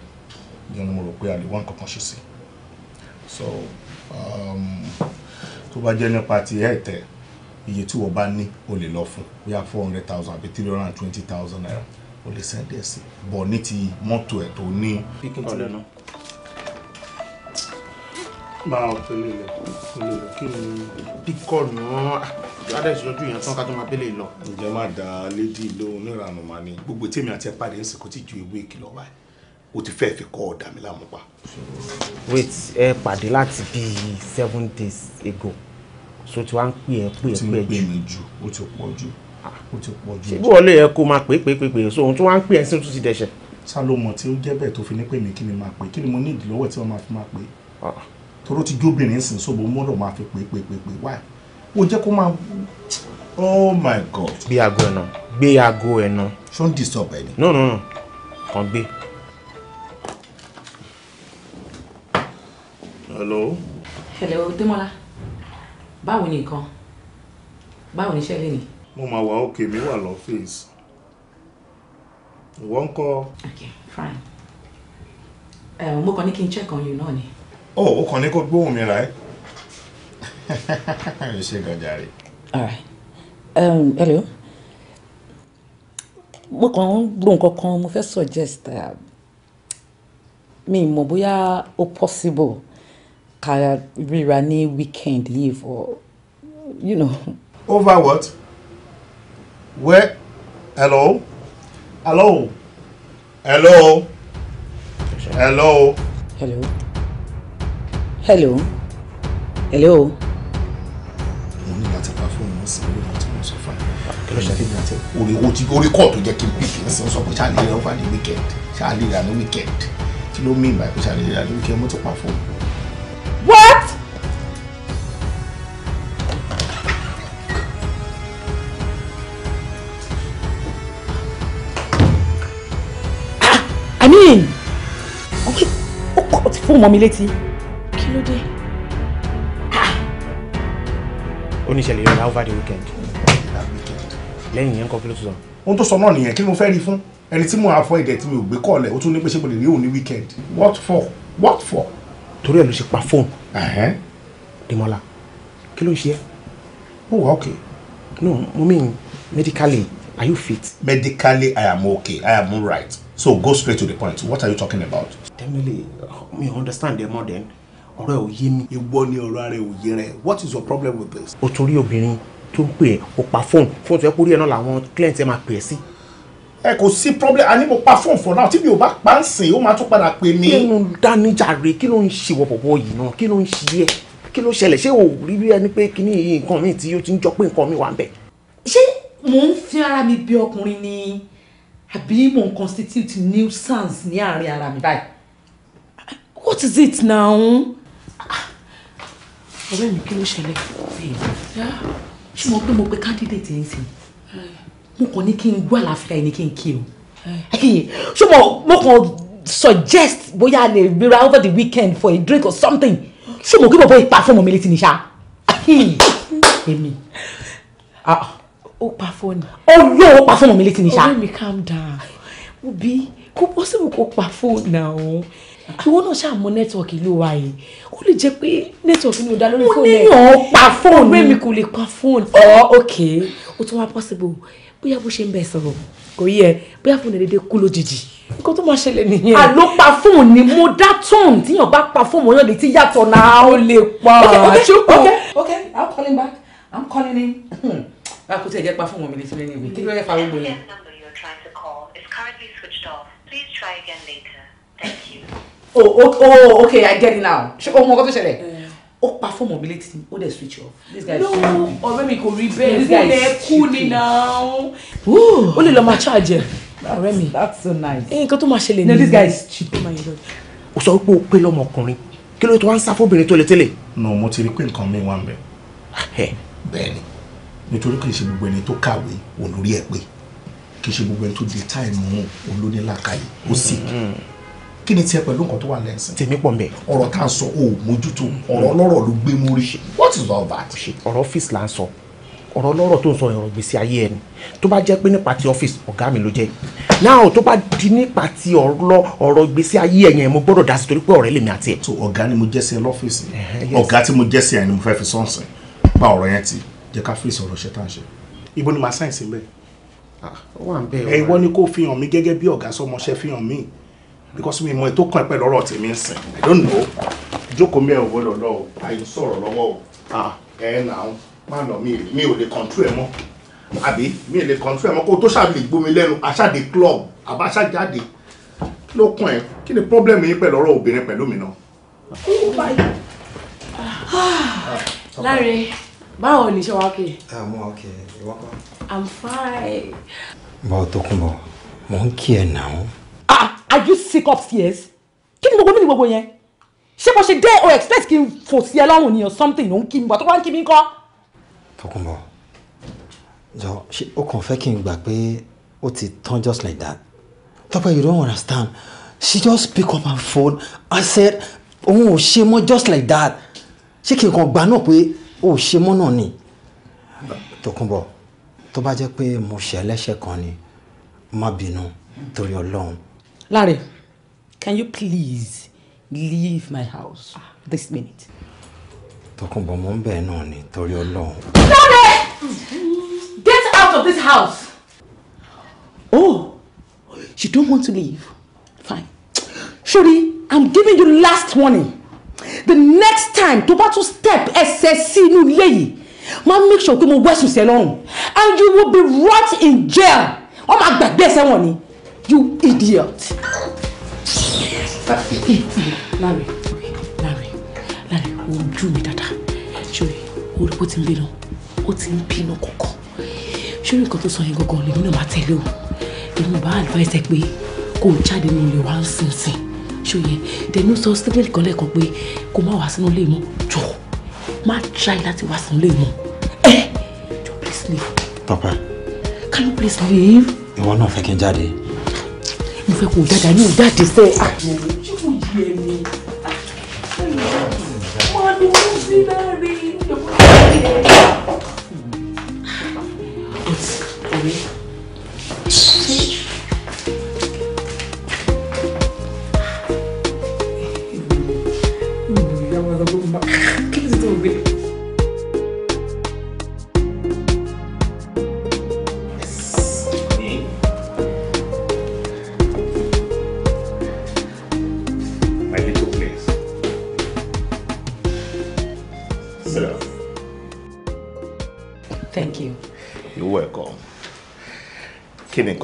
ní ọ̀nà mo rò pé a lè wá nǹkan ṣe sí so um, tó bá jẹ́ nípa ti ẹ̀tẹ̀ iye tí wọ́n bá ní o lè lọ fún bóyá four hundred thousand àbí three hundred and twenty thousand naira o lè sẹ́ńdẹ̀ sí bọ̀ ní ti mọ́tò ẹ̀ tó ní. ọ̀lẹ́nu máa ò tẹ́lẹ̀ lẹ̀ tẹ́lẹ̀ lẹ̀ kí ni píkọ̀ náà adẹ́sí ah, ojú yẹn tán ká tó máa bẹ́lẹ̀ lọ. ǹjẹ́ má da lédi lóhun níranù máa ní. gbogbo tèmi àti ẹ̀pàdé ń sìnkú tí ju ewé ìkìlọ̀ wáyé o ti fẹ́ẹ́ fi kọ́ ọ̀dà mi láàmú pa. wait ẹ pàdé láti bíi seven days ago so tí wàá ń pè ẹ pè ẹ pè ẹ jù. o ti ń pè mí jù o ti pọ̀ jù ah. o ti pọ̀ jù. ṣébí wọlé yẹ kó máa pè pè pè pè so ohun tí wàá ń pè ẹ sí tún ti dẹ̀ṣẹ̀. sálọmọ tí ó jẹ́ bẹ́ẹ̀ tó fi ní pè mí kí ni máa pè kí ni mo ní ìdílọ́wọ́ tí wọ́n máa fi máa pè toro ti jóbìnrin sìn so mo mọ́dọ̀ máa fi pè pè pè pè wáì ó jẹ́ kó máa oh my god. gbé aago ẹ̀ náà gbé aago ẹ̀ náà. ṣó ń disturb ẹ ni. no no no kàn gbé. hello. hello Démọ́lá báwo ni nǹkan báwo ni iṣẹ́ lè ní. mo máa wà òkè mi wà lọ́fíìsì ìwọ ń kọ́. okay fine mo kàn ní kí n check on you náà ni ó oh, ó kàn ní kó gbóhùn mi rà ẹ́ ẹ ṣe gan jàre. alright um, hello mo kàn ń gbọ́ nǹkan kan mo fẹ́ suggest uh, mi mọ̀ bóyá ó possible ká ríra ní weekend yìí for you know. over what? where? hello? hello? hello? hello? hello? hello hello. mo ní láti pa fóònù wọn sí orí wọn tí mo sọ fún ẹ kí ló ṣe fi mi àti orí ojú orí kọ́ tó jẹ́ kí n pè kí n sọ sọ pé ṣáàlì rẹ wà ní weekend ṣáàlì rẹ ní weekend kí ló mí ìgbà pé ṣáàlì rẹ ní weekend mo ti pa fóònù. what. Ah, I mean, okay, ó pọ̀ ti fún ọmọ mi létí ló dé? ó ní ìṣẹ̀lẹ̀ ìrọ̀lá over the weekend. lẹ́yìn yẹn kọ́ kí ló tún sọ. ohun tó sọ náà nìyẹn kí ló fẹ́ rí fún ẹni tí mo àfọ ẹ̀dẹ̀ tí mi ò gbé kọ́ọ̀lẹ̀ ó tún ní pé ṣé mo lè rí òun ní weekend what for what for. torí ẹ̀ ló ṣe pa fóònù. Dèmọ́lá kí ló ń ṣe ẹ́. ó wà ok. no mo mean medically are you fit. medically i am okay i am right. so go straight to the point what are you talking about. tẹ́mílì mi ò understand ẹ mọ́ then ọ̀rọ̀ ò yé mi. ìwọ ni ọ̀rọ̀ ara ò yé rẹ what is your problem with this. o torí obìnrin tó ń pè é o pa fóònù fóònù tó yẹ kó rí ẹ náà làwọn client ẹ máa pè é sí. ẹ kò sí problem àní mo pa fóònù for now tí mi ò bá pa ń sìn ó máa tún padà pè mí. kí ló ń dáníjàre kí ló ń ṣe wọ yìí náà kí ló ń ṣe ẹ kí ló ṣẹlẹ̀ ṣé o rí bí ẹni pé kíní yìí nǹkan mi tí ó ti ń jọ pé nǹkan mi wà ń bẹ̀. ṣé mò ń fi ara mi bí ọkùnrin ni àbí mò ń constitute nuisance ní àárín ara mi báyìí. what is it now? ọ̀rẹ́ mi kí ló ṣẹlẹ̀ ṣé mo pé mo pe candidate yẹn sí mo kàn ní kí n gbọ́ àlàáfíà yìí ní kí n kí o ṣé mo kàn suggest bóyá a lè ríra over the weekend for a drink or something ṣé mo kí bọ̀bọ̀ ipa fún ọmọ mi létí ni ṣá èmi ó pa fóònù ó yọ ó pa fóònù mi létí ni ṣá ọ̀rẹ́ mi calm down obi kò possible kó pa fóònù náà o ìwọ náà ṣáà mọ nẹ́tíwọ̀kì ìlú wa yìí ó lè jẹ́ pé nẹ́tíwọ̀kì ni ò dá lórí fóònù ẹ̀ mo níyàn pa fóònù ọ̀rẹ́ mi kò lè pa fóònù ọ̀ oh, ok ó tún wá possible bóyá bó ṣe ń bẹ̀ sọ̀rọ̀ kò yẹ bóyá fóònù dédé kú lójijì nǹkan tó máa ṣẹlẹ̀ nìyẹn. àló pa fóònù ni mo dá tóun tíyàn bá pa fóònù ọyàn létí yàtọ̀ náà ó lè pa ṣùkọ́. ok ok i'm calling back i'm calling in. báwo ah, kò tí ì jẹ́ pa fóònù mi létí lẹ́nu ìwé kí ló yẹ fa gbogbo Thank you oh oh oh okay i get it now ṣé o mọ ọkọ tó ṣẹlẹ̀ eh. ó pa fún mobility ó dẹ̀ switch off. no ọ̀rẹ́ mi kò rí bẹ́ẹ̀ ní ilẹ̀ kú ni náà. ó lè lọ máa charge ẹ̀ ọ̀rẹ́ mi that's so nice. Eh, nǹkan tó máa ṣẹlẹ̀ nìyí. no this guy is cheap. Oh o sọ pé o pé lọ́mọkùnrin kí ló tó wá ń sá fóbìnrin tó lè tẹ́lẹ̀. no mo ti rí pé nǹkan mi wà ń bẹ. bẹ́ẹ̀ni nítorí kì í ṣe gbogbo ẹni tó kàwé olórí ẹ pé kì í ṣe gbogbo ẹni tó di táìmù olónílàkàyè ó sì mm-hmm kí ni tiẹ̀ pẹ̀lú nǹkan tó wà lẹ́sìn. tèmi pọ̀ mbẹ́. ọ̀rọ̀ tá a sọ o mójútó ọ̀rọ̀ ọlọ́rọ̀ ló gbé mórí what is all that. ọ̀rọ̀ ọ́fíìsì là ń sọ ọ̀rọ̀ ọlọ́rọ̀ tó ń sọ ọ̀rọ̀ gbèsè ayé ẹni tó bá jẹ́ pé nípa ti ọ́fíìsì ọ̀gá mi ló jẹ́ náà tó bá di nípa ti ọ̀rọ̀ ọ̀rọ̀ gbèsè ayé ẹ̀yẹn mo gbọ́dọ̀ dá sí torí pé ọ̀rẹ́ lèmi àti ẹ̀. so ọ̀gá ni mo jẹ́ sí lọ́fíìsì ọ̀gá tí mo jẹ́ sí ni mo fẹ́ fi sọ́ọ̀sì pa ọ̀rọ̀ yẹn ti jẹ́ ká fèsì ọ̀rọ̀ ṣe tá à ṣe. ibo ni màá sáyẹ̀nsì bẹ́ẹ̀. Ah, ẹ ìwọ ni kò fi hàn mí gẹ́gẹ́ bí ọ̀gá sọmọṣẹ́ fi hàn because mi mọ ètò kan pẹ̀lú ọ̀rọ̀ tèmi ń sìn i don't know jókòó mi ẹ̀ ò gbọ́dọ̀ lọ àyè sọ̀rọ̀ lọ́wọ́ o ah. ẹ̀ nà án má lọ mi ò lè control ẹ̀ mọ́ àbí mi ò lè control ẹ̀ mọ́ kó o tó ṣàbí gbómi lẹ́nu àṣàdé club àbáṣàjáde kí ló kàn ẹ́ kí ni problem yín pẹ̀lú ọ̀rọ̀ obìnrin pẹ̀lú mi náà. Ah. Láre, báwo ni ṣe wá òkè? Ah, Àmọ́ òkè, ìwọ́pọ̀. I'm fine. Bọ́ọ̀ tó kún bọ̀, mò ń kí ẹ nà ó are you sick upstairs kí ni gbogbo mi ni gbogbo yẹn ṣé bó ṣe dé o expect kí n fò sí ẹ lọ́rùn ni or something ló ń kí mi bọ̀ tó wá ń kí mi kọ́. Tòkunbọ̀ jọ ṣe o kàn fẹ́ kí n gbà pé ó ti tán just like that Tọ́pẹ́ you don't understand she just pick up her phone and said òun ò ṣe mọ́ just like that ṣé kí n kàn gbà náà pé ó ò ṣe mọ́ náà ni Tòkunbọ̀ tó bá jẹ́ pé mo ṣẹ̀ kan ni má bínú torí Ọlọ́run Larry, can you please leave my house this minute? Tọkànbọ̀ mọ́ ń bẹ̀ náà ni torí Ọlọ́run. Larry! Get out of this house! Oh, you don't want to leave? Fine. Shuri, I'm giving you last warning. The next time tó bá tún step SSC sí inú ma make sure pé mo wẹ̀sùn sí ẹ and you will be rot in jail. Wọ́n máa gbàgbé ẹsẹ̀ wọn ni. You idiot! Larry, Larry, Larry, ojú mi dáadáa. Ṣé orí bó the ń bínú? Ó ti ń bínú kọ̀kọ̀. Ṣé orí nǹkan tó sọ yẹn gangan lèmi náà máa tẹ̀lé o? Èmi bá advice ẹ pé kó o jáde nínú ilé wa ń sìn sìn. Ṣé yẹn? Dẹ̀nu sọ Stephen kan lẹ́ẹ̀kan pé kó má wá sínú ilé mọ́. that. má try láti wá sínú ilé mọ́. Ẹ jọ please leave. Papa. Can you please leave? Ìwọ náà fẹ́ kí n jáde fẹ́ kó jáde ní ìjáde sẹ́ ṣé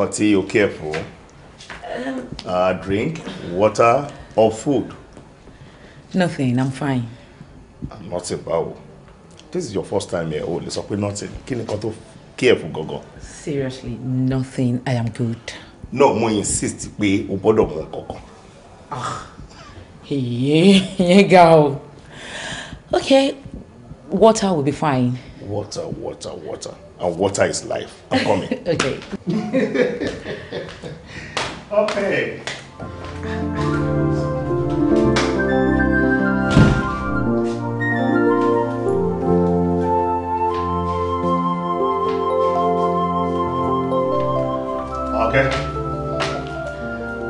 nǹkan tí o care for uh, drink water or food. nothing i'm fine. Ah, nothing báwo this is your first time here o lè sọ pé nothing kí ni nǹkan tó care for gangan. seriously nothing i am good. no mo insist pé o gbọ́dọ̀ mú nǹkan kan. ìyẹn ah, ga o okay water will be fine. water water water. and water is life. I'm coming. okay. okay. Okay.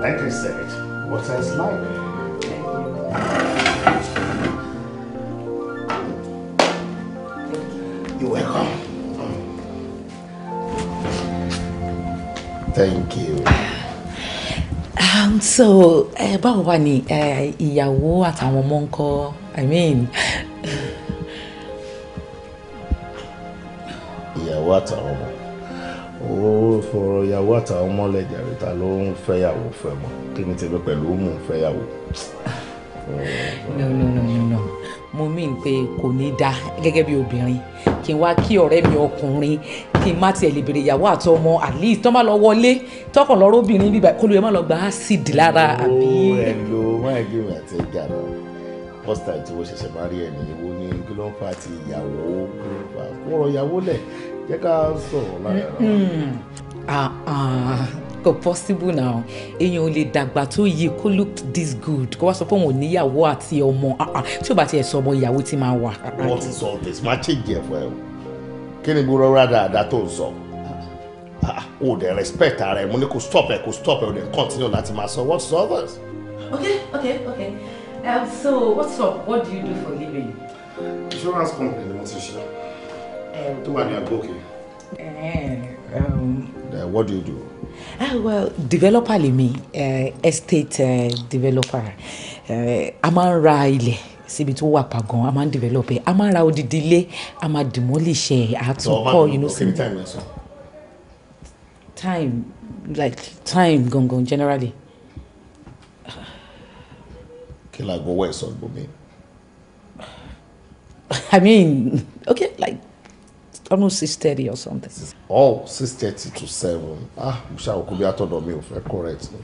Like I said, water is life. thank you. Um, so báwo wà ní ìyàwó àtàwọn ọmọ ńkọ́ i mean. ìyàwó àtàwọn ọmọ ó fọ̀rọ̀ ìyàwó àtàwọn ọmọ lẹ́jà rita ló ń fẹ́yàwó fẹ́ mọ́ kí ni tèmi pẹ̀lú ó mú fẹ́yàwó. no no no no no mo mean pé kò ní dáa gẹ́gẹ́ bí obìnrin kí n wá kí ọ̀rẹ́ mi ọkùnrin kí n má tiẹ̀ lè bèrè ìyàwó àtọmọ at least tọ́ máa lọ wọlé tọkàn lọ́rọ́ obìnrin bíbá kó ló má lọ gba acid lára oh, àbí. ó ẹ lo wọn ẹgbẹ́ mi àti ẹja náà first time tí mo ṣẹ̀ṣẹ̀ máa rí ẹni wo ni kí ló ń fa ti ìyàwó kí ló ń fa kóró ìyàwó lẹ̀ jẹ́ ká sọ̀rọ̀ lára. Mm-hmm. Ah, ah, kò possible now èèyàn ò lè dàgbà tó yẹ kó look this good kó wá sọ pé òun ò níyàwó àti ọmọ ah, tí ò bá tiẹ̀ sọ ọmọ ìyàwó ti máa wà. wọ́n ti sọ ọ̀tẹ̀ sí máa ṣèjì ẹ̀fọ́ ẹ̀ o kí ni gbogbo rárá dáadáa tó ń sọ o dẹ̀ respect ara ẹ̀ mo ní kò stop ẹ̀ kò stop ẹ̀ o dẹ̀ continue láti máa sọ what's up. okay okay okay um, so what's up what do you do for living. insurance company ni mo ti ṣe um, tó wà ní agbókè. Eh, um. what do you do. Ah, well developer lèmi uh, estate uh, developer a máa ń ra ilẹ̀ síbi tó wà pàgàn a máa ń develop a máa ra odidi ilé a máa demolish ẹ àtúnkọ you time like time gangan generally. kí la gbowó ẹ sọ gbòmí. i mean okay like almost six thirty or something. oh six thirty to seven ah mo ṣàwòkú bí atọ́dọ̀ mi ò fẹ́ correct ni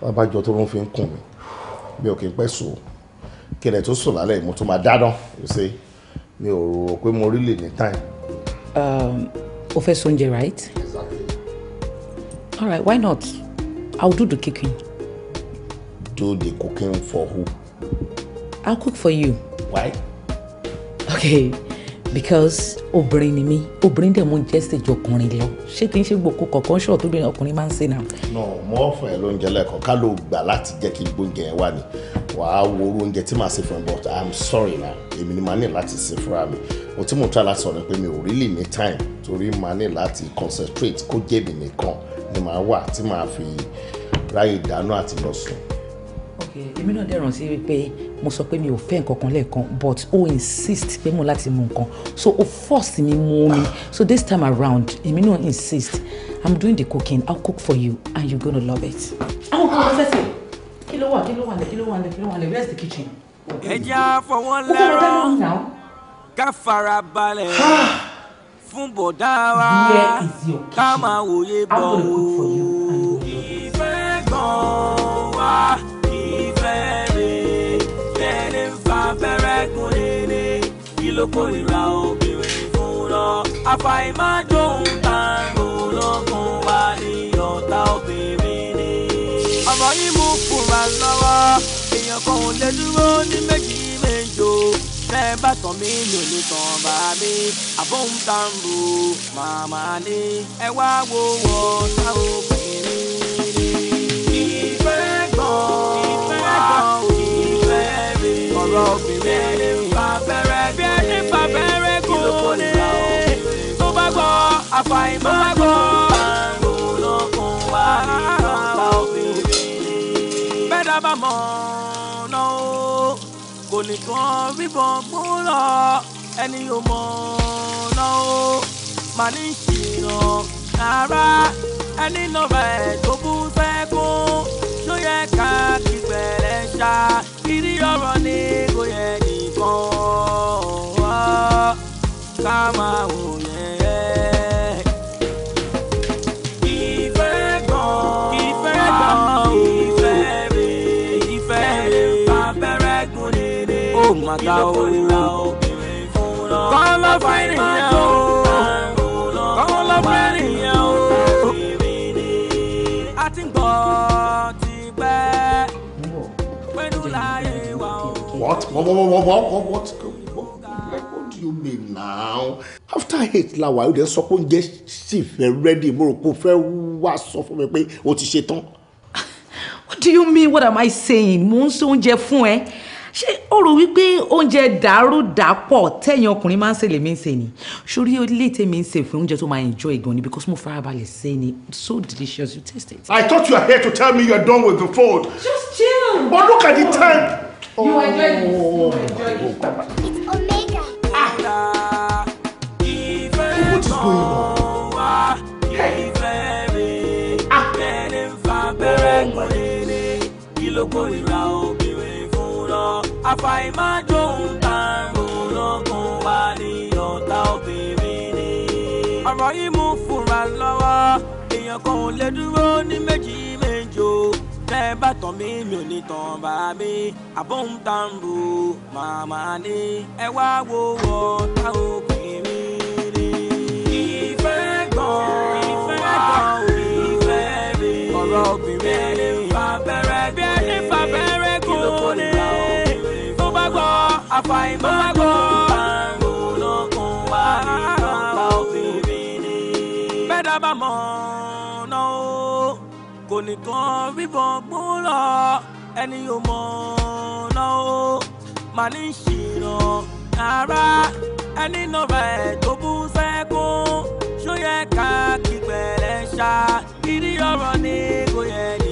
bàbá jọ tó ló ń fi ń kùn mí mi ò kì í pẹ́ sùn kílẹ̀ tó sùn lálẹ́ mo tún máa dáná you see mi ò rò pé mo rí lè ní time. Um, o fẹ́ sóúnjẹ right? Exactly. all right why not I'll do the cooking. do the cooking for who? I'll cook for you. why? okay because obìnrin ni mí obìnrin dẹ̀ mo jẹ́ stage ọkùnrin lọ ṣé kí n ṣe gbòkó kọ̀ọ̀kan ṣọ̀ tó ọkùnrin máa ń ṣe náà. no mo fún ẹ lóúnjẹ lẹ́kọ̀ọ́ ká ló gbà láti jẹ́ kí gbóúnjẹ yẹn wà ní wàá wo orú oúnjẹ tí màá ṣe fún ẹ but i'm sorry na èmi ni màá ní láti ṣe fúnra mi mo tí mo try láti sọ ni pé mi ò really ní time torí màá ní láti concentrate kó jẹ́ mi nìkan ni màá wà tí màá fi ráyè dáná àti lọ sùn. ok èmi náà dẹ̀rùn sí pé mo sọ pé mi ò fẹ́ nǹkan kan lẹ́ẹ̀kan but ó insist pé mo láti mu nǹkan so ó force mi mu omi so this time around èmi náà insist i'm doing the cooking i'll cook for you and you're gonna love it. àwọn kan wọ́n fẹ́ sè é wà kí ló wà lẹ̀ kí ló wà lẹ̀ kí ló wà lẹ̀ where's the kitchen. ẹ jẹ́ àfọwọ́n lẹ́rọ̀ ká fara balẹ̀ fún bọ̀dá wa ká máa wòye bọ̀ o ìfẹ́ gan wa ìfẹ́ rè tẹ́lẹ̀ ń fa abẹ́rẹ́ gùn lélẹ̀ kí ló kórìíra obìnrin fún lọ àfàìmá dóhùn. ìmú fúnra lọ́wọ́ èèyàn kan ò lè dúró ní méjì méjò bẹ́ẹ̀ bá tàn mí mi ò bá mi àbóǹtàǹbù màmá ni ẹ wá wo wọ́n tá ò pè ní. ìfẹ́ gan-an ìfẹ́ gan-an ò ní fẹ́ rí ọ̀rọ̀ obìnrin ẹni fà bẹ̀rẹ̀ bí ẹni fà bẹ̀rẹ̀ kò lè tó bá gbọ́ àfàìmọ̀ kábàámọ̀ ọ̀nà o kò nìkan bíbọn gbóhùn lọ ẹni ò mọ̀ ọ̀nà o mà ní ìṣìràn rárá ẹni lọ́rọ̀ ẹ̀ tó bú sẹ́kún ló yẹ ká kí bẹ̀rẹ̀ ṣá kiri ọ̀rọ̀ ni kò yẹ nìkan ká máa wò yẹn. má o. kọ́ ló fẹ́ nìyẹn o. kọ́ ló fẹ́ nìyẹn o. a ti gbọ́ ti pẹ́ pẹ̀lú láyé wa o. what what what what what what what what what do you mean now after eight lawa ó dẹ̀ sọ pé oúnjẹ sì fẹ́ rẹ́dì mo rò pé o fẹ́ wá sọ fún mi pé o ti ṣe tán. what do you mean what am i saying mo ń sọ oúnjẹ fún ẹ ṣé o rò wípé oúnjẹ dàrúdàpọ̀ tẹ̀yìn ọkùnrin máa ń ṣe lèmi ń ṣe ni sórí ilé tèmi ń ṣe fún oúnjẹ tó máa enjoy gan ni because mo farabalẹ̀ ṣe ni so delicious you taste it. I thought you were here to tell me you are done with the food. just chill. but look at the oh. time. you enjoy this. you enjoy this. àìmájòhun tá a ń ronókun wá ní ọ̀tá obìnrin ni. ọ̀rọ̀ yìí mú fura lọ́wọ́ èèyàn kan ò lè dúró ní méjì méjò tẹ́ ẹ bá tàn mí mi ò ní tàn bá mi àbóhun tá a ń ro màmá ni ẹ wá wo ọ̀tá obìnrin ni. ìfẹ́ gan-an ìfẹ́ gan-an ìfẹ́ rè ọ̀rọ̀ obìnrin ni. bí ẹni kò ní àfàìmọ̀ gbọ́. pàǹgò lọ́kùn wá ní nọ́mbà obìnrin ni. bẹ́ẹ̀dá bá mọ̀ ọ́nà o kò nìkan bíbọn gbọ́n lọ ẹni yóò mọ̀ ọ́nà o màá ní ṣìnà ara ẹni nọ̀ra ẹ̀ tó bú sẹ́kún ṣó yẹ ká kí pẹ̀lẹ́ ṣá kí ní ọ̀rọ̀ ni kò yẹ nìkan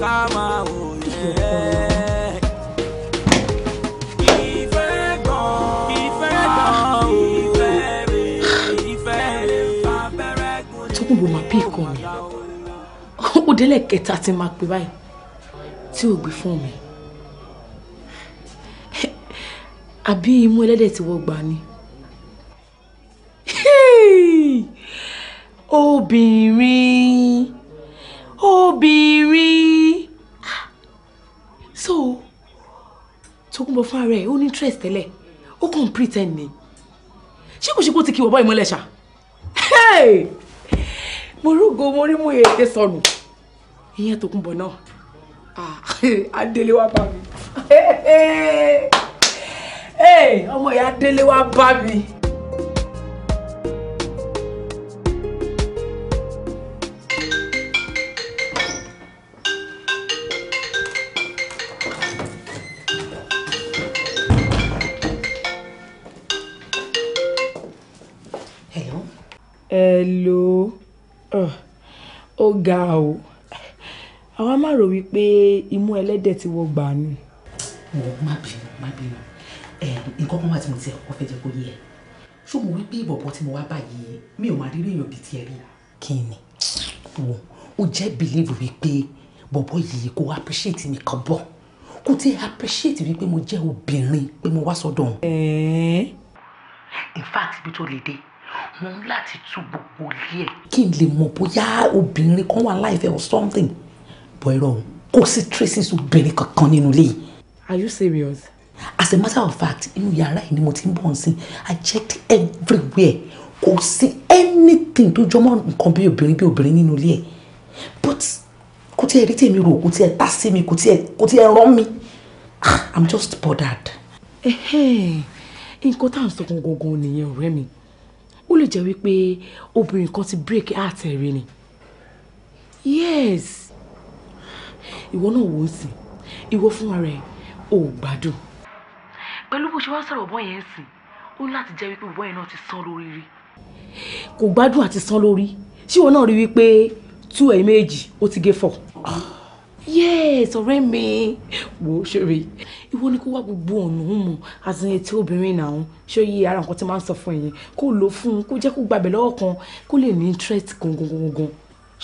ká máa wò yẹ. gbogbo máa bí ìkan mi ó délẹ̀ kẹta tí máa pè báyìí tí ò gbé fún mi àbí imú ẹlẹ́dẹ̀ tí wọ́n gbà ni obìnrin obìnrin so Tókunbọ̀ fúnra rẹ̀ ó ní interest tẹ́lẹ̀ ó kàn ń pretend ni ṣé kò ṣe kó ti kí wọ́bọ́ ìmọ́lẹ̀ ṣá mo rúgo mo rí mú ètè sọnù ìyẹn Tókunbọ̀ náà ah, adélé wá bá mi ọmọ ìyá adélé bá mi. ó ga o àwa máa rò wípé imú ẹlẹ́dẹ̀ ti wọ gbàánu. mo má bínú má bínú nǹkan kan wà tí mo ti ẹ̀kọ́ fẹ́ jẹ́ kó yé ẹ ṣó mo wí pé ìbọ̀bọ̀ tí mo wá báyìí mi ò máa rí rí èèyàn bíi tiẹ̀ rí. kí ni wo o jẹ́ bìlíìfù wípé bọ̀bọ̀ yìí kò appreciate mi kan bọ̀ kò tí appreciate wípé mo jẹ́ obìnrin pé mo wá sọ́dọ̀ ọ̀hún. in fact ibi tó le dé mo ní láti tú gbogbo ilé ẹ̀. kí n lè mọ̀ bóyá obìnrin kan wà láìfẹ́ or something bọ̀ ẹ̀rọ òun kò sí traces obìnrin kankan nínú ilé are you serious? as a matter of fact inú yàrá yìí ni mo ti ń bọ̀ ọ́n sí i checked everywhere kò sí anything tó jọmọ́ nǹkan bí obìnrin bí obìnrin nínú ilé ẹ̀ but kò tiẹ̀ rí tèmi rò kò tiẹ̀ ta sí mi kò tiẹ̀ rán mi ah, i'm just bothered. nǹkan tá à ń sọ gangan nìyẹn ọ̀rẹ́ mi ó lè jẹ́ wípé obìnrin kan ti break heart ẹ̀ rí ni yes ìwọ náà wò ó sìn ìwọ fúnra rẹ ò gbádùn. pẹ̀lú bó ṣe wá sọ̀rọ̀ bọ́ yẹn sìn ó ní láti jẹ́ wípé bọ́ yẹn náà ti sán lórí rí. kò gbádùn àti sán lórí ṣé ìwọ náà rí wípé tú ẹ̀yìn méjì ó ti gé fọ̀. Ah. yes ọ̀rẹ́ mi wò ó ṣeré ìwọ ni kó wá gbogbo ọ̀nà òun mọ̀ àti etí obìnrin náà òun ṣé yí ara nǹkan tí máa ń sọ fún ẹ̀yìn kó lò fún un kó jẹ́ kó gbàgbé lọ́wọ́ kan kó lè ní interest gangan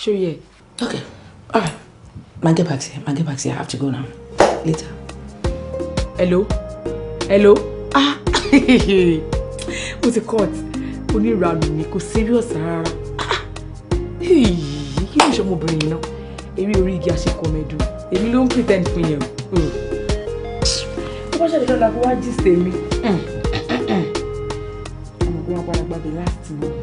ṣé yẹ. okay all right ma get back to you ma get back to you i have to go now later. hello hello ah mo ti cut onírànù ni kò serious rárá ah kí ló ṣe ọmọbìnrin náà eré orí igi àṣekọmẹdù èmi ló ń pretend fún yẹn o. Hmm tó bá ṣẹlẹ̀ lọ́la kó wá jí sèmi. Mm, mm, mm, ọmọ ìgbìmọ̀ padà gbàgbé láti mọ̀.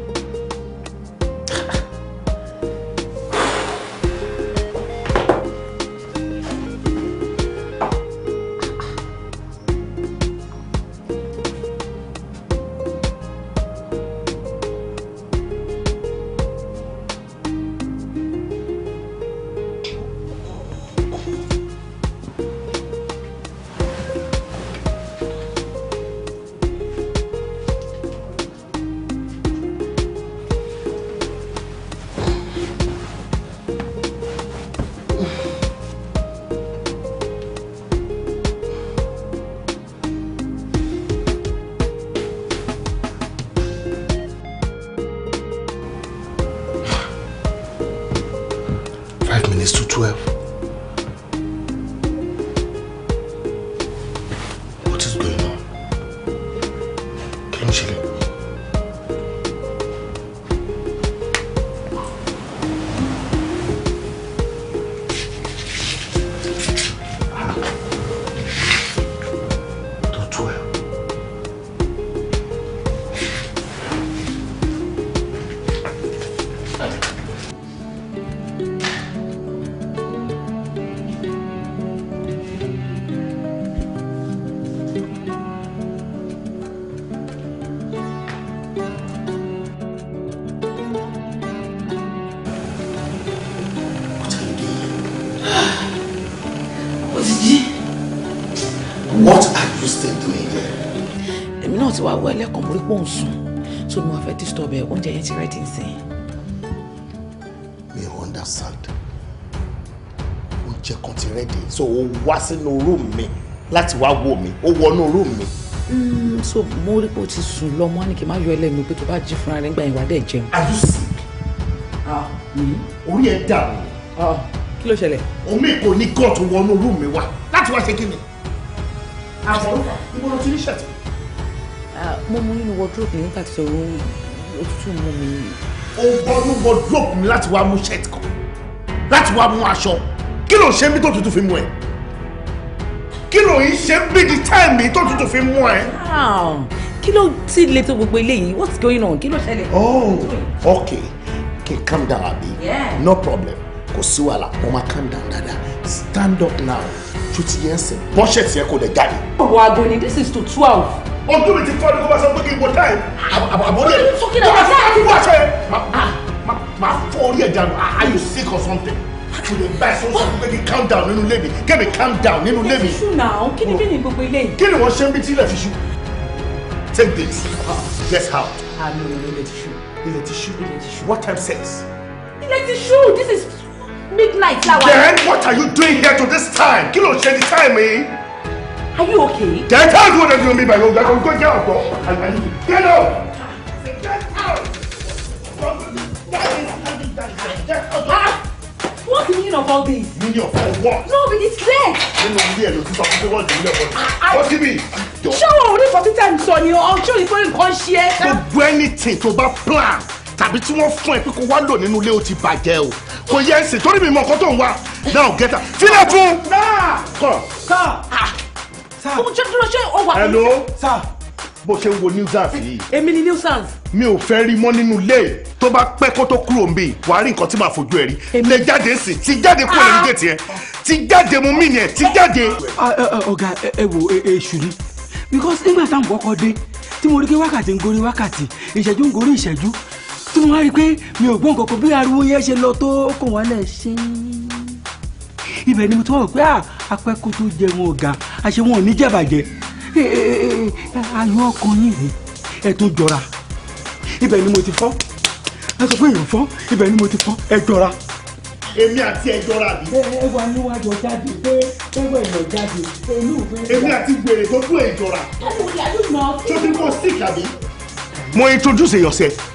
wá wọ ẹlẹ́kàn mo rí pò ń sùn so mo fẹ́ disturb ẹ oúnjẹ yẹn ti ready nsìn. mi ò understand oúnjẹ kan ti ready so o wá sínú room mi láti wá wò o ó wọnú room mi. Mm, so mo rí pò ti sùn lọ mo á ní kí n má yọ ẹlẹ́nu pé tó bá jí fúnra rẹ̀ nígbà yẹn wà dẹ̀ jẹun. are you sick? Ah, hmm? orí ẹ̀ dàrú. Ah, kí ló ṣẹlẹ̀. omi kò ní gọ́ọ̀tù wọnú room mi wá láti wá ṣe kí ni. àwọn ah, ibo ti ní ṣẹ̀tì mo mú nínú wardrobe nígbà tí ọ̀rọ̀ òtútù mú mi. o gbọ́dọ̀ wardrobe mi láti wá mú shirt kan láti wá mú aṣọ kí ló ń ṣe tó tutù fi mú ẹ kí ló ń ṣe mí di táìmì tó tutù fi mú ẹ. kí ló ti le tó gbogbo eléyìí what's going on kí ló ṣẹlẹ̀. oh okay okay calm down abi yeah. no problem kò sí wàhálà mo máa calm down Dada. stand up now tó ti yẹn sẹ bọ́ṣẹ̀tì yẹn kò lè jáde. ọ̀wọ̀ àgọ́ ni this is to twelve ojú mi ti fọ́ ni kó bá sọ pé kí n wo táì àbúrò ẹ̀ tó bá sọ fún wáṣọ ẹ̀ máa fọ́ orí ẹ̀ dànù are you sick or something kò lè bá ẹ sọ́sọ́ pé kí calm down nínú ilé Get me calm down nínú ilé mi. ṣùnà àwọn kí ni kí ni gbogbo ilé yìí. kí ni wọ́n ṣe ń bí tí ilẹ̀ fi ṣú. take this guess how. àlọ́ ah, ilé ti ṣú. ilé ti ṣú. ilé ti ṣú. what time sex. ilé ti ṣú this is midnight. Then what are you doing here to this time? kí ló ṣe the time eh? Are you okay? Get out! What does you mean by Go get out, bro. Get out! Get out! What's the meaning of all this? Meaning of what? No, but it's clear. Nínú ilé ẹ̀ ló ti sọ fún pé wọ́n dùn lẹ́kọ̀ọ́. Wọ́n ti bí. Ṣé o ò ní fọ́tí tẹ̀ sọ ni o? Ṣé o ní fọ́tí nǹkan ṣe é? anything to bá plan tàbí tí wọ́n fún ẹ pé kó wá lò nínú ilé ó ti bàjẹ́ o. Kò yẹ ẹsẹ̀ torí mi mọ nǹkan tó ń wá. Now get out. Fílẹ̀ fún. Náà. Kọ̀. Kọ̀ hello sir. bó ṣe ń wo nuisance eh, yìí. èmi ni nuisance. mi ò fẹ́ rí mọ́ nínú ilé tó bá pẹ́ kó tó kúrò nbí wàá rí nǹkan tí màá fojú ẹ rí lè jáde sí ti jáde kúrò lórí gèètì ẹ ti jáde mu mí nìyẹn ti jáde. Ah, eh, eh, ọ̀gá ẹ wo èṣù rí because nígbà táwọn kọ́kọ́ dé tí mo rí pé wákàtí ń gorí wákàtí ìṣẹ́jú ń gorí ìṣẹ́jú tí mo wá rí pé mi ò gbọ́ nǹkan bí ariwo yẹn ṣe lọ tó kàn wá lẹ̀ ṣe é ibẹ̀ ni mo ti wọ́n pé ah, apẹ́kú tó jẹ wọn ọ̀gá àṣẹ wọn ò ní jẹ̀bàjẹ́ eh, eh, eh, ayọ̀ ọkàn yín rèé ẹ̀ tó jọra ibẹ̀ ni mo ti fọ́ ẹ sọ pé èèyàn fọ́ ibẹ̀ ni mo ti fọ́ ẹ jọra. èmi àti ẹ jọra bí. ẹ wà níwájú jáde pé ẹgbẹ́ èèyàn jáde èmi ò fẹ́. èmi àti gbèrè tó kú èèyàn jọra. tó ti kọ́ sick àbí. mo introduce yourself.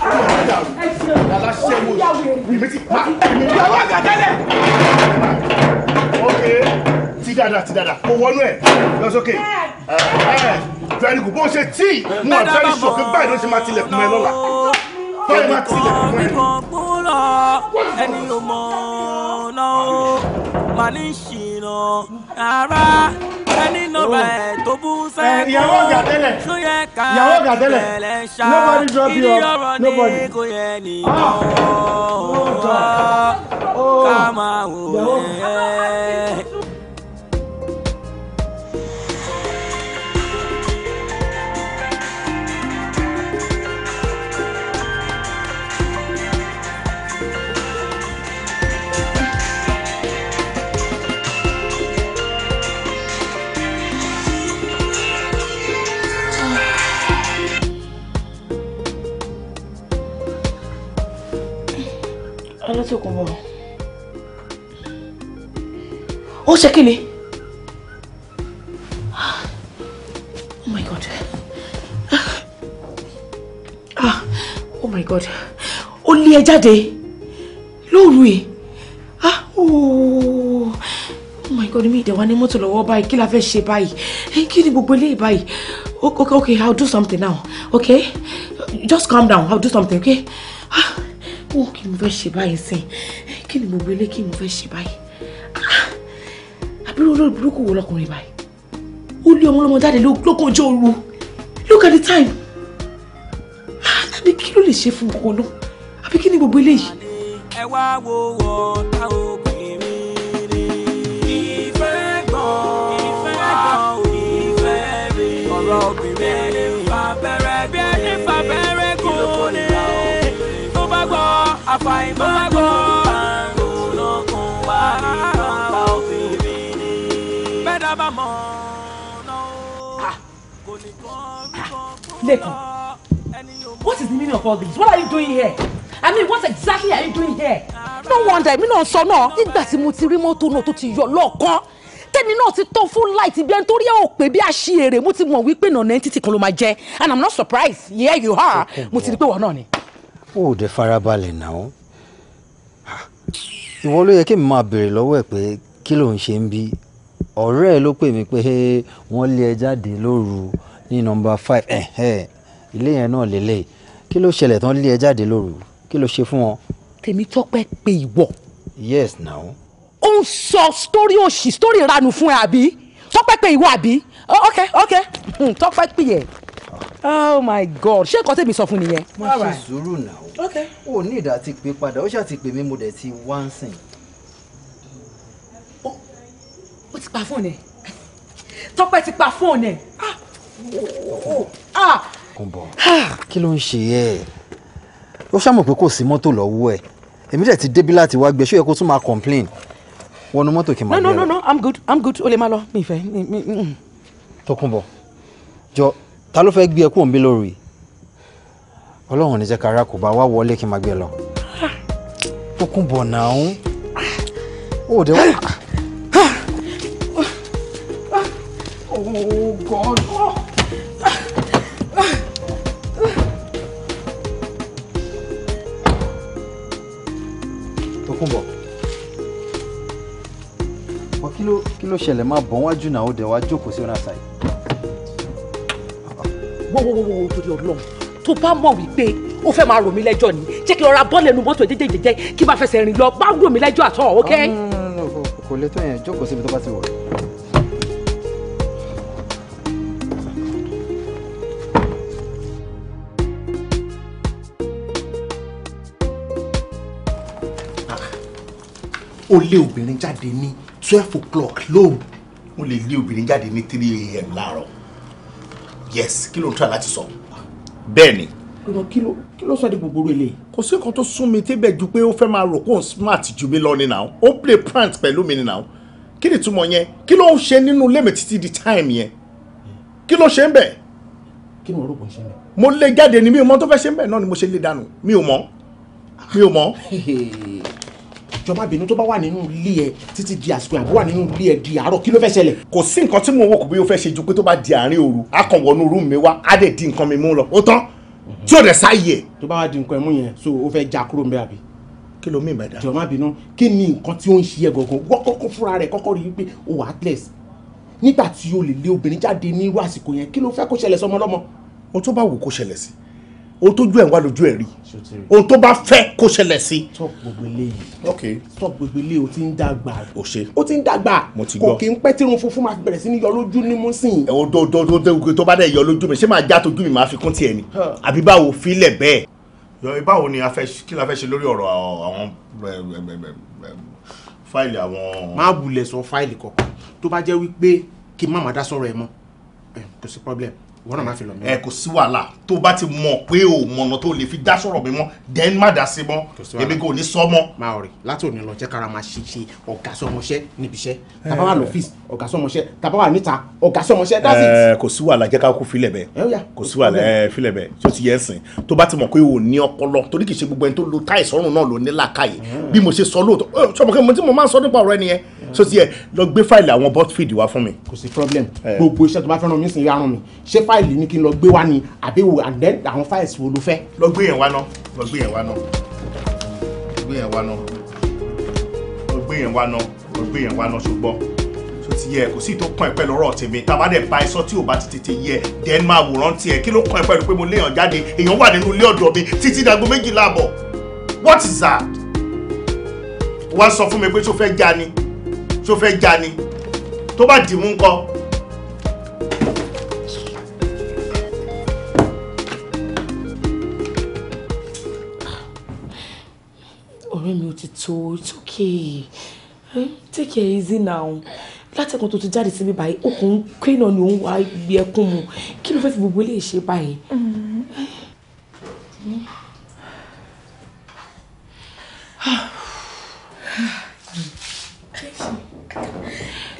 aláṣẹ́wò ìmí ti pa ìyàwó àgbà tẹ́lẹ̀. ok ti dada ti dada kò wọnú ẹ lọ sókè very good bó ṣe tí mo very sure pé báyìí ló ṣe máa tilẹ̀ fún ẹ lọ́la báyìí máa tilẹ̀ fún ẹ. ẹni ò mọ̀ ọ́nà ó mà ní ṣìnà rárá. Oh. Eh, ìyàwó ọ̀gá tẹ́lẹ̀ ìyàwó ọ̀gá tẹ́lẹ̀ nobody drop you off nobody. kò yẹ nìyọ ah. ká máa oh. wò ẹ́. ló ti kún bọ̀rọ̀ ó ṣe kí ni oh my god ah, oh my god ó lé ẹ jáde lóru yìí ah, oh my god mi ìdẹ̀wá ní mọ́tò lọ́wọ́ báyìí kí la fẹ́ ṣe báyìí eh, kí ni gbogbo eléyìí báyìí okay okay I'll do something now okay just calm down I'll do something okay. Ah, ó kí mo fẹ́ ṣe báyìí sìn kí ni mo relé kí mo fẹ́ ṣe báyìí ah! àbúrò olórí burúkú wo lọkùnrin báyìí ó lé ọmọ ọlọmọ jáde lókojú ooru look at the time ah! àbí kí ló lè ṣe fún ọkọ náà àbí kí ni gbogbo eléyìí. ẹ wá wo ọ̀tá obìnrin ni ìfẹ́ gan-an ìfẹ́ gan-an ìfẹ́ rẹ̀ ọ̀rọ̀ obìnrin. Lekan, what is the meaning of all this? What are you doing here? I mean, what exactly are you doing here? No wonder, mi náà sọ náà, nígbà tí mo ti rí mọ́tò náà tó ti yọ lọ́ọ̀kan, tẹ́mi náà ti tán fún láì ti bí ẹni tó rí ẹ̀ pé bí àṣìírè, mo ti mọ̀ wípé nànà entity kan ló máa jẹ́, and I'm not surprised, here you are, mo ti rí pé wọ́n náà ni. O ò dé farabalẹ̀ náà, ìwọ ló yẹ kí mi máa béèrè lọ́wọ́ ẹ̀ pé kí ló ṣe ń bí ọ̀rẹ́ ẹ̀ ló pè mí pé wọ́n lé ẹ jáde lóru ní nọ́mbà five ẹ̀hẹ́ ilé yẹn náà lélẹ̀ kí ló ṣẹlẹ̀ tán lé ẹ jáde lóru kí ló ṣe fún wọn. Tèmítọ́pẹ́ pe ìwọ. yes now. ó ń sọ sítórí òṣì sítórí ìranù fún ẹ àbí Tọ́pẹ́ pe ìwọ àbí ok ok hmm, Tọ́pẹ́ pè ẹ́ oh my god ṣé nǹkan tèmi sọ fún nìyẹn. má ṣe sùúrù náà ó ní ìdá ti pè padà ó ṣáà ti pè mí mo dẹ̀ ti wá ń sìn. ó ti pa fóònù ẹ Tọ́pẹ́ ti pa fóònù ẹ ah kúnbọ̀ kí ló ń ṣe ẹ́ ó ṣàmọ̀ pé kò sí mọ́tò lọ́wọ́ ẹ̀ èmi dẹ̀ ti débí láti wá gbé ṣó yẹ kó tún máa complain wọnú mọ́tò kí n máa gbé no no no i'm good i'm good o lè máa lọ mi ìfẹ́. Mm. Tókunbọ̀ jọ ta ló fẹ́ gbé ẹ kúrò ń bí lórí ọlọ́run ní jẹ́ ká ara kò bá wá wọlé kí n máa gbé lọ. Tókunbọ̀ náà ń ó dé wá. Ah. Ah. Ah. oh god. ló ṣẹlẹ̀ máa bọ̀ wájú náà ó dẹ̀ wá jókòó sí ọ̀nà àṣàyè. wọ́wọ́wọ́wọ́ torí ọlọ́run tó bá mọ̀ wípé ó fẹ́ máa rò mí lẹ́jọ́ ni jẹ́ kí ọ̀rá bọ́ọ̀lù ẹnu mọ́tò dédé jẹjẹ kí n bá fẹsẹ̀ rìn lọ bá rò mí lẹ́jọ́ àtọ̀ ok. kò lè tó yẹn jókòó síbi tó bá ti wọ̀. o ah, lé obìnrin jáde ní twelve o'clock lóru mo lè lé obìnrin jáde ní three a.m. láàárọ̀ yes kí ló ń tọ́ láti sọ. bẹ́ẹ̀ ni. kí ló kí ló sọ de gbogbo eléyìí. kò sí nǹkan tó sún mi tébẹ̀ ju pé ó fẹ́ máa rò pé òun smart ju mi lọ ni now ó ń play prank pẹ̀lú mi ni now kí ni ìtumọ̀ yẹn kí ló ń ṣe nínú lẹ́mẹ̀ títí di time yẹn kí ló ṣe ń bẹ̀. kí ni mo rò pé ń ṣe ń bẹ̀. mo lè jáde ni mi ò mọ tó fẹ́ ṣe ń bẹ̀ náà ni mo ṣe lè dànù mi ò mọ mi ò mọ. jọ má bínú tó bá wà nínú ilé ẹ títí di àsìkò yẹn àbí wà nínú ilé ẹ di àárọ̀ kí ló fẹ́ ṣẹlẹ̀. kò sí nǹkan tí mo wò kó bí ó fẹ́ ṣe ju pé tó bá di àárín òru akọ̀wọ́nú rúùmù mi wá á dẹ̀ di nǹkan mi mú lọ ó tán tí ò dẹ̀ sáyé ẹ̀. tó bá wà di nǹkan ẹ̀mú yẹn so ó fẹ́ já kúrò ń bẹ́ àbí. kí ló mí ìbàdà. jọ má bínú kí ni nǹkan tí ó ń ṣe ẹ gangan kọ́kọ́ fúnra rẹ̀ kọ́kọ́ rí pé ó wà atlas nígbà tí o lè lé obìnrin jáde ní irú àsìkò yẹn kí ló fẹ́ kó ṣẹlẹ̀ sọmọ lọ́mọ. o tó bá wù kó ṣẹlẹ̀ sí i ohun tójú ẹ̀ ń wá lójú ẹ̀ rí ohun tó bá fẹ́ kó ṣẹlẹ̀ sí. stop gbogbo eléyìí ok stop gbogbo eléyìí o ti ń dàgbà. o ṣe o ti ń dàgbà mo ti gbọ́ kò kí n pẹ́ tírun funfun máa bẹ̀rẹ̀ sí ní yọ lójú ní mùsìn. ẹ o do do do do tó bá dẹ̀ yọ lójú mi ṣé máa já tójú mi máa fi kún tiẹ̀ ni àbí báwo filẹ̀ bẹ́ẹ̀. yọ báwo ni kí la fẹ́ ṣe lórí ọ̀rọ̀ àwọn fáìlì àwọn. má wulẹ̀ sọ fáìlì kọ̀ọ̀kan tó bá jẹ́ wípé kí má má dá sọ̀rọ̀ ẹ̀ mọ́ kò sí problem wọ́n náà má fi lọ mí. ẹ kò sí wàhálà tó bá ti mọ̀ pé o mọ̀nà tó lè fi dá sọ̀rọ̀ mi mọ́ then má dá sí mọ́ èmi kò ní sọ mọ́. máa rìn láti òní lọ jẹ́ kára máa ṣe ṣe ọ̀gá sọmọṣẹ́ níbi iṣẹ́ tàbá wà eh. lọ́fíìsì ọ̀gá sọmọṣẹ́ tàbá wà níta ọ̀gá sọmọṣẹ́ that's it. ẹ eh, kò sí wàhálà jẹ́ ká kú filẹ̀ bẹ́ẹ̀ eh, kò sí wàhálà ẹ filẹ̀ bẹ́ẹ̀ tí ó ti yẹ ẹ̀sìn tó bá ti mọ̀ pé o ní ọpọlọ torí kì í ṣe gbogbo ẹni tó lo táì sọ́run náà ló ní làákàyè mm. bí mo ṣe sọ lóòótọ́ sọmọkẹ́ mo ti mo máa ń sọ nípa ọ̀rọ̀ ẹni yẹn so ti ẹ eh, lọ gbé fáìlì àwọn botfield wá fún mi. kò sí problem eh. gbogbo iṣẹ́ tó bá fẹ́ràn mi sì rárun mi ṣé fáìlì ni kí n lọ gbé wá ni àbí wo and then àwọn fáìlì wo ló fẹ́. lọ gbé yẹn wá ná lọ gbé yẹn wá ná lọ gbé yẹn wá ná lọ gbé yẹn wá ná lọ gbé yẹn wá ná ṣùgbọ́n tó ti yẹ kò sí tó kàn ẹ pẹ̀lú ọ̀rọ̀ tèmi tá a bá dẹ̀ pa iṣọ́ tí ò bá ti tètè yẹ then máa wòran tiẹ̀ kí ló kàn ẹ pẹ̀lú pé mo léèyàn jáde èèyàn wà nínú ilé ọ̀dọ̀ mi títí dàgbọ́ méjìlá àbọ̀ what is that? wá sọ fún mi pé tó fẹ́ já ni tó fẹ́ já ni tó bá dì mú ńkọ́. ọ̀rẹ́ mi ò ti tó it's okay take care, easy now látẹ̀kùn tó ti jáde síbi báyìí okùn kí náà ni òun wá ibi ẹkún mu kí ló fẹ́ fi gbogbo ilé ṣe báyìí. mm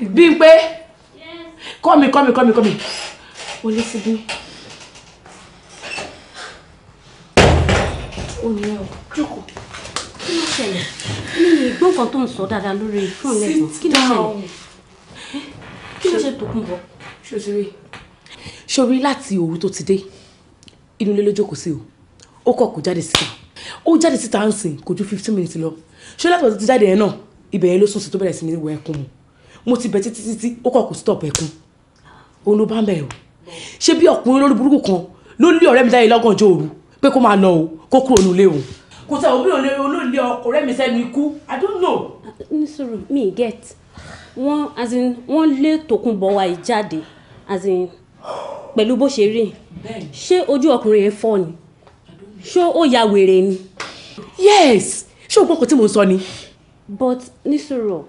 Bímpé. Yes. Come here, come here, come here, come here. Wọlé síbí. Oníyẹ o, jókòó. Kí ló ṣẹlẹ̀? Mi ò gbọ́ nǹkan tó ń sọ dáadáa lórí fóònù ẹ̀sán. Kí ló ṣẹlẹ̀? Eh? Kí ló ṣe Tòkunbọ̀? Ṣòṣèré. Ṣorí láti òru tó ti dé, inú ilé ló jókòó sí o. Ó kọ̀ kó jáde síta. Ó jáde fifteen minutes lọ. Ṣé láti ọ̀dọ̀ ti jáde ẹ̀ ibẹ̀ ló sùn sí tó bẹ̀rẹ̀ sí ní wọ ẹkún mu mo ti bẹ̀ títí títí ó kọ̀ kó stop ẹkún òun ló bá ń bẹ̀ o ṣé bí ọkùnrin lórí burúkú kan ló lé ọ̀rẹ́ mi dáyé lọ́gànjọ́ òru pé kó máa lọ o kó kúrò nílé òun. kò sọ òbí òun ọkùnrin mi sẹ́nu ikú i don't know. ní sùúrù mi get wọn as in wọn lé tòkunbọ̀ wa yìí jáde as bó ṣe rí ṣé ojú ọkùnrin yẹn fọ́ ni ṣó ó ya wèrè ni. yes ṣé o gbọ́ kò tí mò sọ ni but níṣòro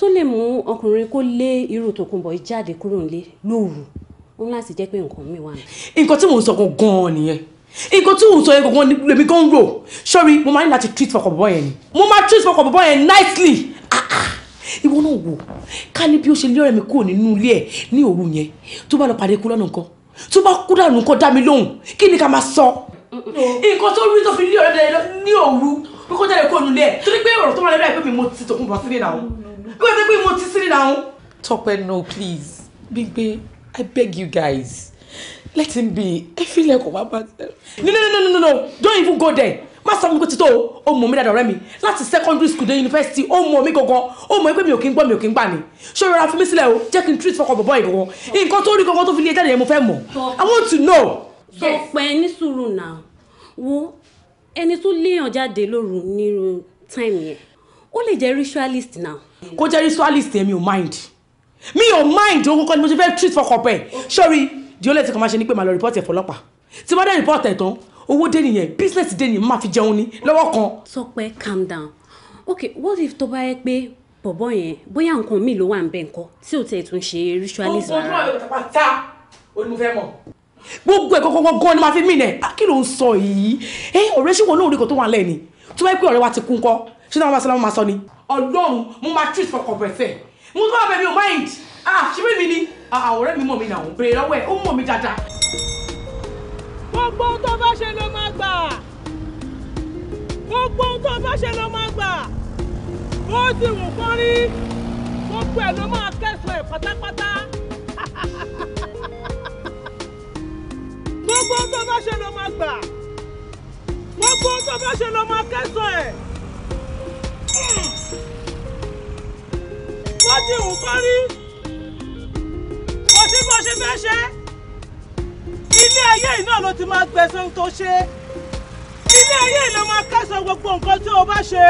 tó lè mú ọkùnrin kó lé irú tòkunbọ̀ yìí jáde kúrò nílé lóru ó ní láti jẹ́ pé nǹkan mi wà. nǹkan tí mò ń sọ gan-an nìyẹn nǹkan tí mò ń sọ yẹn gan-an lèmi gan rò sọ́rí mo máa ń láti treat fọkàn bọ́ yẹn ni mo máa treat fọkàn bọ́ yẹn nicely ah, ah. ìwọ náà wò ká ní bí ó ṣe lé ọ̀rẹ́ mi kúrò nínú ilé ẹ̀ ní òru yẹn tó bá lọ pàdé kú lọ́nà kan tó bá kú dànù kan dá mi lóhùn kí ni ká máa sọ nǹkan tó rí tó fi ní ọ̀rẹ́ dẹ̀ ní òru pé kó jáde kó nu lẹ̀ torí pé ọ̀rọ̀ tó wà lẹ́rìí pé mi mo ti tòkun bọ̀ sílẹ̀ náà bí wọ́n ti pé mo ti sílẹ̀ náà. Tope no please Bigbe I beg you guys let him be I feel like ọba bá tẹ. no no no no no don't even go there má sọ fún mi pé títọ́ o mọ̀ mí dáadáa ọ̀rẹ́ mi láti secondary school dé university o mọ̀ mí gangan o mọ̀ pé mi ò kí ń gbọ́ mi ò kí ń gbà ní ṣé o rọra fi mí sílẹ̀ o jẹ́ kí n treat fọkàn bọ̀bọ̀ yìí gangan nǹkan tó rí gangan tó fi lé e jáde yẹn mo fẹ́ mọ̀ I want to know so pẹ́ ní sùúrù náà wo ẹni tó léèyàn jáde lóru nírú táìmù yẹn ó lè jẹ́ ritualist náà. kó jẹ́ ritualist èmi ò mind mi ò mind òun kọ́ ni mo ṣe fẹ́ treat fọkàn pẹ̀ sọ́rí di ó lè ti kàn máa ṣe ni pé màá lọ rìpọ́tì ẹ̀ fọlọ́pàá tí wọ́n dẹ́ rìpọ́tì ẹ̀ tán owó dé nìyẹn business dé nìyẹn máa fi jẹun ní lọ́wọ́ kan. Tọ́pẹ́ calm down okay what if tó bá yẹ pé bọ̀bọ̀ yẹn bóyá nǹkan mi ló wà ń bẹ̀ nǹkan tí ò tẹ̀ tún ṣe ritualist rárá. ó ń bọ́ ọdún àlọ́ pátá ó mo fẹ́ mọ̀ gbogbo ẹ̀ kọ́kọ́ gan ni màá fi mí nẹ̀ ah, kí ló ń sọ yìí ẹ eh, ọ̀rẹ́ ṣé wọn náà rí kò tó wà lẹ́ni tó bá yẹ pé ọ̀rẹ́ wa ti kú ńkọ́ ṣé náà wọn bá sọ náà máa sọ ni. ọlọ́run mo máa treat for kọ̀pẹ̀sẹ̀ mo tún bá bẹ̀ mi ò mind ah ṣíbí mi ni àwòrán ah, ah, mi mọ̀ mi náà bèrè lọ́wọ́ ẹ̀ ó mọ̀ mi dáadáa. gbogbo tó bá ṣe ló máa gbà gbogbo tó bá ṣe ló máa gbà ó ti wù kán rí gbogbo ẹ̀ ló máa kẹ́sùn ẹ̀ pátápátá. gbogbo ohun tó bá ṣe ló máa gbà gbogbo ohun tó bá ṣe ló máa kẹsàn ẹ. bó ti hùn kọ́ rí kò sí bó ṣe fẹ́ ṣe ilé ayé yìí náà ló ti máa gbẹ̀san tó ṣe ilé ayé yìí ló máa kẹsàn gbogbo nǹkan tí o bá ṣe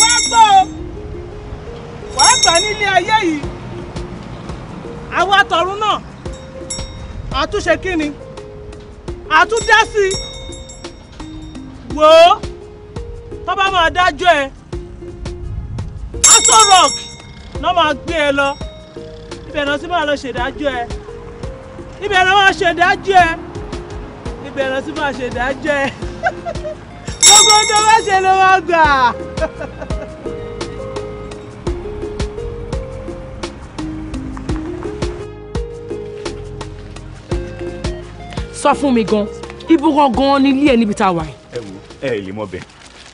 wá gbọ́ wàá gbà nílé ayé yìí àwa tọ̀run náà àtúnṣe kí ni àtúndá sí i wò ó tó bá máa dájọ́ ẹ aṣọ rock lọ́ máa gbé ẹ lọ ibẹ̀ náà sì máa lọ ṣèdájọ́ ẹ ibẹ̀ náà máa ṣèdájọ́ ẹ ibẹ̀ náà sì máa ṣèdájọ́ ẹ gbogbo tó bá ṣe ló máa gbà. sọ fún mi gan ibùkọ gan ni ilé ẹ níbi tá a wà yìí. ẹ wo ẹ lè mọ bẹ́ẹ̀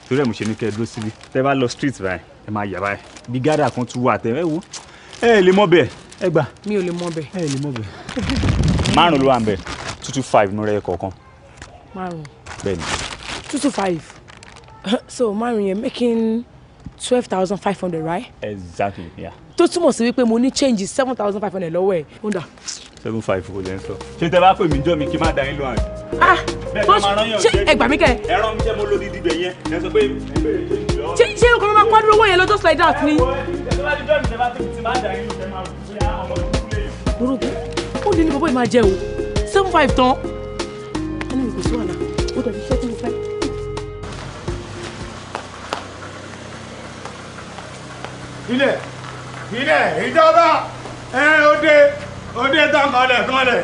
torí ẹ mo ṣe ní kẹ dúró síbi tẹ bá lọ street báyìí ẹ máa yà báyìí bí gádà kan tún wà tẹ ẹ wo ẹ lè mọ bẹ́ẹ̀ ẹ gbà. mi ò lè mọ bẹ́ẹ̀. ẹ lè mọ bẹ́ẹ̀. márùn ló wà ń bẹ two two five nínú rẹ kọ̀ọ̀kan. márùn. bẹ́ẹ̀ni. two two five so márùn yẹn making twelve thousand five hundred right. exactly yeah. tó túmọ̀ sí wípé mo ní change seven thousand five hundred lọ́wọ́ ẹ̀ ó dà seven five kò lẹ́ ń sọ. ṣé tẹ bá pè mí jọ mi kí n má da yín lóhàn. ah ṣé ẹgbà mi kẹ. ẹran mi jẹ́ mo lórí ibẹ̀ yẹn ẹ sọ pé ṣé ṣé o kò máa pọ́n dúró owó yẹn lọ just like that ni. burúkú ó ní ní bọ́bọ́ yìí máa jẹ o seven five tán. a ní ìgbésí wà náà ó dàbí iṣẹ́ tí mo fẹ́. ilé ilé ìjọba ẹ ó dé òde tán kanlẹ̀ kanlẹ̀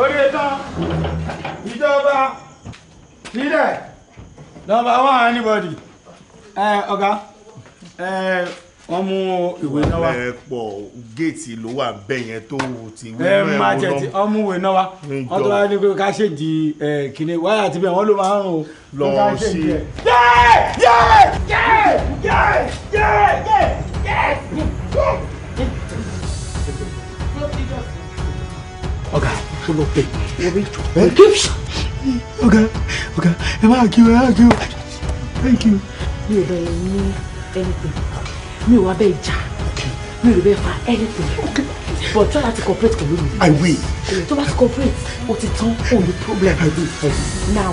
òde tán ìjọba sílẹ̀ nọ́mbà one anybody ẹ ọ̀gá ẹ wọ́n mú ìwé náà wá. ẹ géètì ló wà bẹ́ẹ̀ yẹn tó ti wí mẹ́rin ẹ máa jẹ ti ọmú ìwé náà wá wọ́n tó wá ní pé ká ṣe di kíní wáyà tí bẹ́ẹ̀ wọ́n ló máa ń rún o. lọ sí. yẹ́ẹ̀ yẹ́ẹ̀ yẹ́ẹ̀ yẹ́ẹ̀ yẹ́ẹ̀ yẹ́ẹ̀ yẹ́ẹ̀. ọ̀gá tó lọ pé orí jù ẹ kí ṣá. ọ̀gá ọ̀gá ẹ máa kí o ẹ máa kí o thank you. mi ò bẹ̀rẹ̀ ní anything mi ò wá bẹ́ẹ̀ jà mi ò bẹ́ẹ̀ fa anything but try to cooperate pẹ̀lú mi. i will. tó bá ti cooperate o ti tán o ní problem. i will. now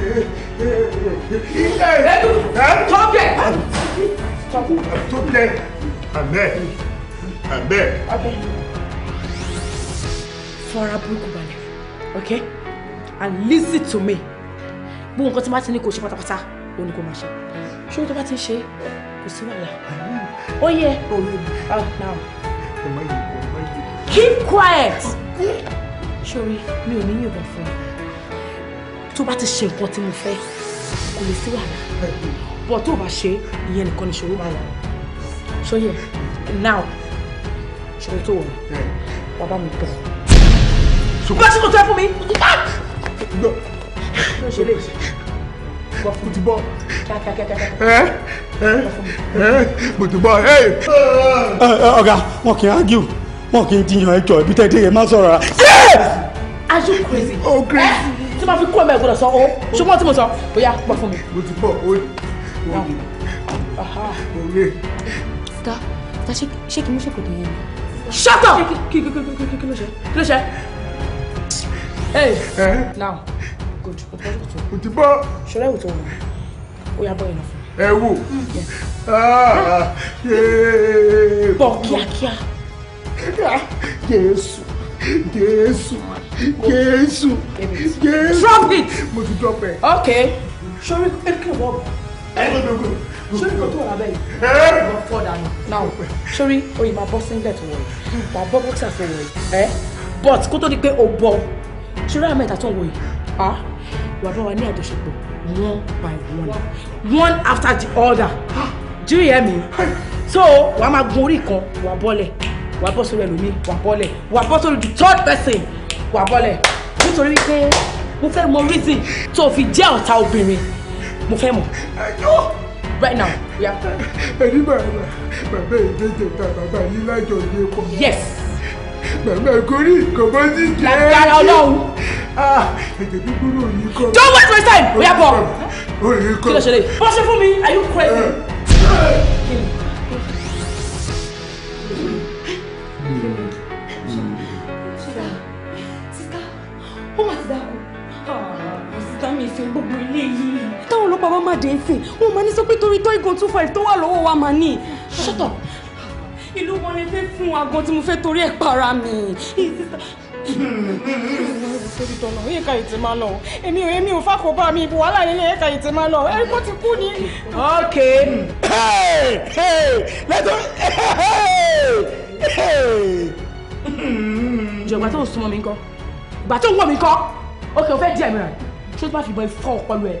ilé rẹ dùn tọ́bẹ̀. tọ́bẹ̀ àbẹ́ àbẹ́. fọra burúkú balẹ̀ okay and listen to me gbogbo nǹkan tí wọ́n ti ní kò ṣe pátápátá ó ní kò máa ṣe ṣé tó bá ti ń ṣe kò sí wàhálà ó yẹ out now keep quiet Sorry, mi ò ní yìnbọn fún ọ tó bá ti ṣe nǹkan tí mo fẹ́ kò lè sí wàhálà bọ̀ tó bá ṣe ìyẹn nìkan ni ṣòro wàhálà ṣóyè now ṣòro tó wọ̀ wà bá mi bọ̀. bá a ṣe kò tó ẹ fún mi. lọ ṣe lè bọ fún mi bọ kíákíákíá. mo ti bọ ọ̀gá wọn kì í argue wọn kì í tiyan ẹjọ́ ibi tẹ́ ẹ dé yẹn má sọ̀rọ̀ rà. are you crazy? oh crazy tí máa fi kú ẹ̀mẹ́ ìgbọ́dọ̀ sọ ó ṣùgbọ́n tí mo sọ bóyá pọ̀ fún mi. mo ti pọ̀ ó ní ah. sita sita ṣé kí mo ṣe kò dé yẹn ni. shut up. kí kí kí kí kí ló ṣe kí ló ṣe. Eh. hey now good o ti bọ́ ṣòkòtò. o ti bọ́. ṣọlá ìwòtò wọn ó yà bọ́ yẹn lọ fún mi. ẹ wò mm, ah, bọ̀ kíákíá. jésù. Jésù Jésù Jésù. Drop it. Mo ti drop ẹ. Ok. Sori Erike wọ. Sori kò tó wà lábẹ́ yìí. Lọ fọ́ dànù. Now sori oyè máa bọ́ singlet wọ̀ yìí. Wà á bọ́ bọ́tà fún wọ̀ yìí. But kó to di pé o bọ̀ sori àmì ìta tó ń wọ̀ yìí. Wà á bá wa ní àjọṣepọ̀ one by one. One after the other. Do you hear me? So wàá máa gun orí kan wàá bọ́lẹ̀ wà bọ́ sórí ẹlòmíì wà bọ́lẹ̀ wà bọ́ sórí the third person wà bọ́lẹ̀ nítorí pé mo fẹ́ mọ reason tó fi jẹ́ ọ̀tá obìnrin mo fẹ́ mọ̀ right now ya. ẹni bàbá bàbá ìdíje ta bàbá yìí lájọ ilé pọ. yes. bàbá ìkórè ìkọ̀bọ́ sí jẹ́. lágbára ọlọ́run. ah ẹ̀jẹ̀ gbígbóná òní kọ́. don't waste my time. ó yà bọ̀. kí ló ṣe lè. bọ́sẹ̀ fún mi are you crazy. má dé nsìn wọn máa ní sọ pé torí tó igun two five tó wà lọ́wọ́ wa máa ní. shut up. ìlú wọn ni fẹ́ fún wa gan tí mo fẹ́ torí ẹ̀ para mi torí tọ̀nà ẹ ká ìtì máa lọ èmi ò èmi ò fàkóbá mi ìbò wàhálà nílé ká ìtì máa lọ ẹ kó ti kú ni. ok lẹ́tọ̀ ìjọba tó ń súnmọ́ mi kọ́ ìgbà tó ń wọ̀ mi kọ́ ok o fẹ́ di ẹ̀mí ṣé o ti bá fi bọ ifọ̀ ọpọlọ ẹ̀.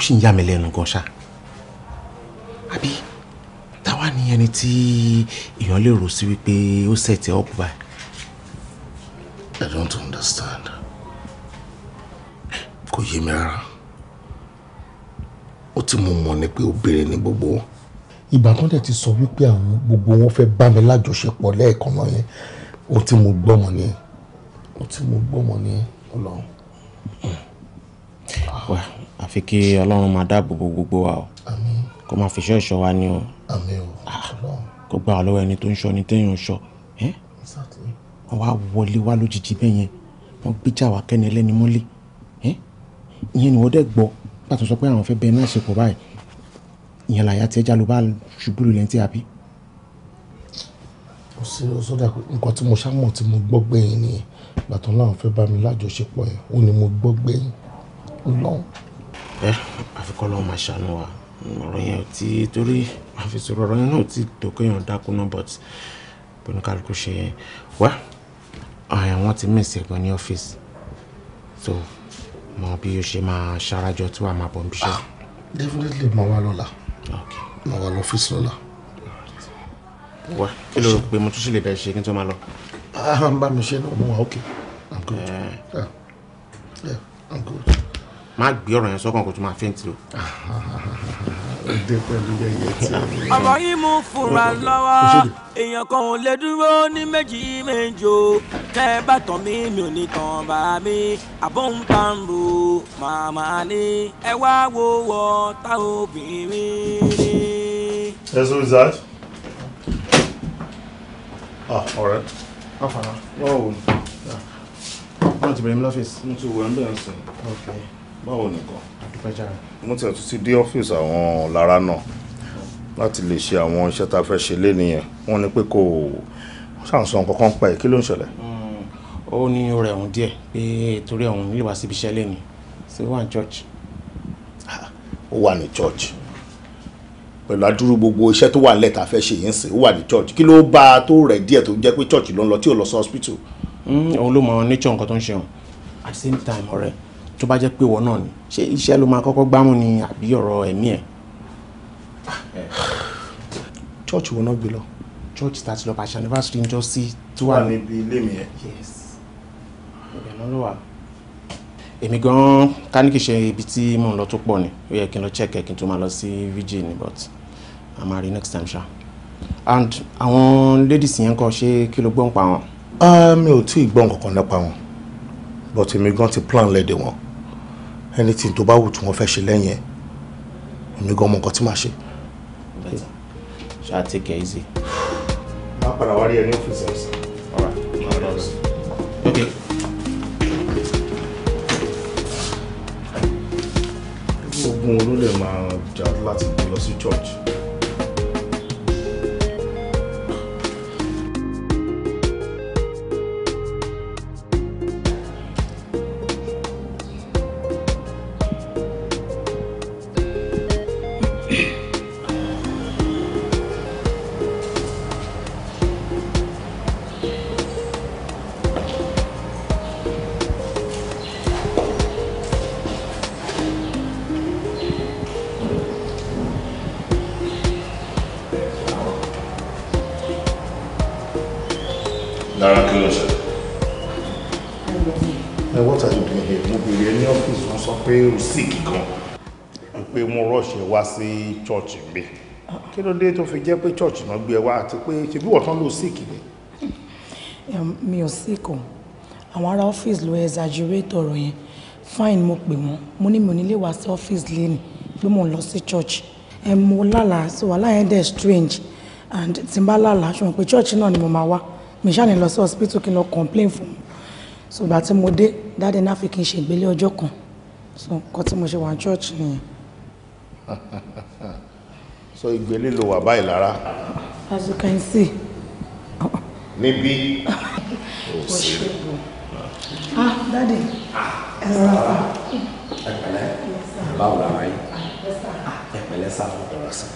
sì ń yà mí lẹ́nu gan ṣá àbí táwa ni ẹni tí èèyàn lè rò sí wípé ó sẹ̀tẹ̀ ọ̀pù báyìí. I don't understand kò yé mi rárá ó ti mú mọ̀ ni pé obìnrin ni gbogbo wọn. ìgbà dẹ̀ ti sọ wípé àwọn gbogbo wọn fẹ́ bá mi lájọṣepọ̀ lẹ́ẹ̀kan náà yẹn ó ti mú gbọ́mọ ni ó ti mú gbọ́mọ ni ọlọ́run. Wow àfi kí ọlọ́run máa dáàbò bo gbogbo wa o kó máa fi ṣọ́ọ̀ṣọ́ wa ní o ah, kó gbà wá lọ́wọ́ ẹni tó ń ṣọ́ ni téèyàn ń ṣọ́ wọ́n wá wọlé wá lójijì bẹ́ẹ̀ yẹn wọ́n gbéjà wá kẹ́ni ẹlẹ́ni mọ́lé ìyẹn ni wọ́n dẹ̀ gbọ́ pàtó sọ pé àwọn fẹ́ bẹ́ẹ̀ náà ṣe pọ̀ báyìí ìyẹn làyà tí ẹja ló bá ṣubú lulẹ̀ tí a bí. ó sì ó sọ́dà pé nǹkan tí mo ṣàmọ̀ tí mo gbọ́ gbẹ̀yìn nìyẹn gbàtàn láwọn fẹ́ bá mi lájọṣepọ̀ yẹn ó ní mo gbọ́ gbẹ̀yìn lọ́hùn ẹ eh, àfikọ́ lọ́wọ́ máa ṣàánú wa ọ̀rọ̀ yẹn ò tí torí àfisọ̀rọ̀ ọ̀rọ̀ yẹn náà ò tí tó kéèyàn dákú náà but bóníkálukú ṣe yẹn wá àwọn ti mí ìsẹ̀gbọ́n ní ọ́fíìsì so mọ bí o ṣe máa ṣarajọ tí wàá máa bọ̀ níbi iṣẹ́. Ah, definitely mo wá lọ́la mo wá lọ́fíìsì lọ́la. wá kí ló pé mo tún ṣe lè bẹ̀rẹ̀ ṣe kí n tó máa lọ. Ah, bá mi ṣe náà mo wà okay i'm good. Eh. yeah, yeah, i'm good má gbé ọ̀rọ̀ yẹn sọ́kàn kó tó máa fẹ́ǹtì o. ọ̀rọ̀ yìí mú fúnra lọ́wọ́ èèyàn kan ò lè dúró ní méjì méjì tẹ́ bá tàn mí mi ò ní tàn bá mi àbóǹtàǹbù màmá ni ẹ wá wo wọ tá obìnrin ni. ẹ sọ is that. ah ọ̀rẹ́. afara wọ́n ò ní. Ah. wọ́n ti bẹ̀rẹ̀ mi lọ́fíìsì. mo ti wọ̀ ẹ́ ń bẹ̀rẹ̀ sẹ́yìn. okay báwo nìkan. mo ti ẹ̀tún ti dé ọ́fíìsì àwọn lára náà láti lè ṣe àwọn iṣẹ́ tá a fẹ́ ṣe lé nìyẹn wọ́n ní pé kò ṣàǹsọ̀ kankan pa ẹ̀ kí ló ń ṣẹlẹ̀. Hmm, ó ní ó rẹ̀ díẹ̀ pé torí ọ̀hún lè wá síbi iṣẹ́ lẹ́nu sí wà church. Ah, ó wà ní church pẹ̀lú adúrú gbogbo iṣẹ́ tó wà nílẹ̀ fẹ́ ṣe yẹn sìn ó wà ní church kí ló bá a tó rẹ̀ díẹ̀ tó jẹ́ pé church ló ń lọ tí ò lọ sí hospital. Hmm, òun ló mọ nature nǹkan tó ń ṣe hàn at the same time ọ̀rẹ́ right? tó bá jẹ́ pé wọ́n náà ni ṣé iṣẹ́ ló máa kọ́kọ́ gbámú ni àbí ọ̀rọ̀ ẹ̀mí ẹ̀. chọ́ọ̀chì wo náà gbé lọ chọ́ọ̀chì tá a ti lọ pàṣẹ anniversary ń jọ sí tó wà níbi ilé mi yẹn. yes ibẹ̀ náà ló wà. èmi gan-an ká ní kì í ṣe ibi tí mò ń lọ tó pọ̀ ni ó yẹ kí n lọ check ẹ̀ kí n tó máa lọ sí vg ni but a máa rí next time ṣá. and àwọn ladies yẹn kọ́ ṣé kí ló gbọ́n pa wọn. Ah, mi ò tí ì gbọ́n kankan nípa wọn but èmi gan ti plan lẹ́dẹ̀ wọn anything tó bá wù tí wọ́n fẹ́ ṣe lẹ́yìn ẹ̀ èmi gan mọ nǹkan tí màá ṣe. ṣáà take it easy. má padà wá rí ẹ ní ọ́fíìsì ẹ̀ sàn. ọ̀rá má padà wá sí i. okay. ogun olólè máa jà láti lọ sí church. church mi kí ló dé tó fi jẹ́ pé church náà gbé ẹ wá àti pé ṣe bí wọ́n tán ló sick ni. mi ò sick o àwọn ará ọ́fíìsì ló exaggerate ọ̀rọ̀ yẹn fine mo pè wọ́n mo ní mi ò ní wá sí ọ́fíìsì lẹ́nu pé mo ń lọ sí church mo lálàá so aláyẹn dẹ̀ strange and tí n bá lálàá ṣùgbọ́n pé church náà ni mo máa wá mi ṣáà ní lọ sí hospital kí n lọ complain fún un so ìgbà tí mo dé dáadé náà fi kí n ṣègbélé ọjọ́ kan so nǹkan tí mo ṣe wà ní church nìyẹn. so igbe lílo wà báyìí lára as you can see níbí ó oh, sì ah daddy ẹ̀rọ àpá ẹ̀pẹ̀lẹ́ báwo lára yìí ẹ̀pẹ̀lẹ́ sáà ọ̀rọ̀ sí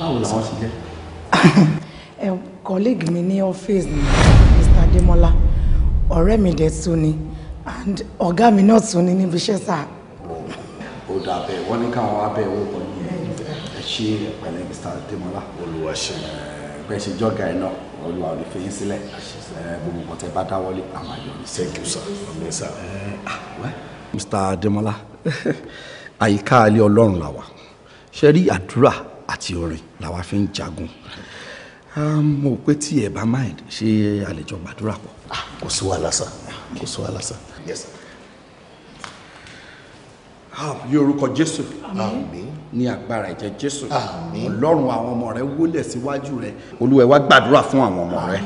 báwo làwọn ṣe jẹ́ eh, colleague mi ní ọ́fíìsì ni Mr. Adémọ́lá ọ̀rẹ́ mi dẹ̀ tún ni and ọ̀gá mi náà tún ni níbi iṣẹ́ sáà. Oh, ó dà bẹ́ẹ̀ wọ́n ní káwọn abẹ́ owó kan ṣe pẹ̀lẹ́ Mr. Demola olùwà ṣe bẹ́ẹ̀ ṣe jọ́gà ẹ̀ náà olùwà ò ní fi yín sílẹ̀ gbogbo nǹkan tẹ bá dáwọ́lé àwọn àyọ̀ ní sẹ́kì sà ọ̀lẹ́ sà. Mr. Demola àyíká alẹ́ ọlọ́run làwà ṣe rí àdúrà àti orin làwa fi ń jagun mo pé tí ẹ bá mind ṣe àlejò gbàdúrà pọ̀. Ah, kò sí wàhálà sa, kò sí wàhálà sà. yes sir bí ah, orúkọ jésù àmín ní agbára ẹ̀jẹ̀ jésù àmín ọlọ́run àwọn ọmọ rẹ wólẹ̀ síwájú rẹ olúwa wá gbàdúrà fún àwọn ọmọ rẹ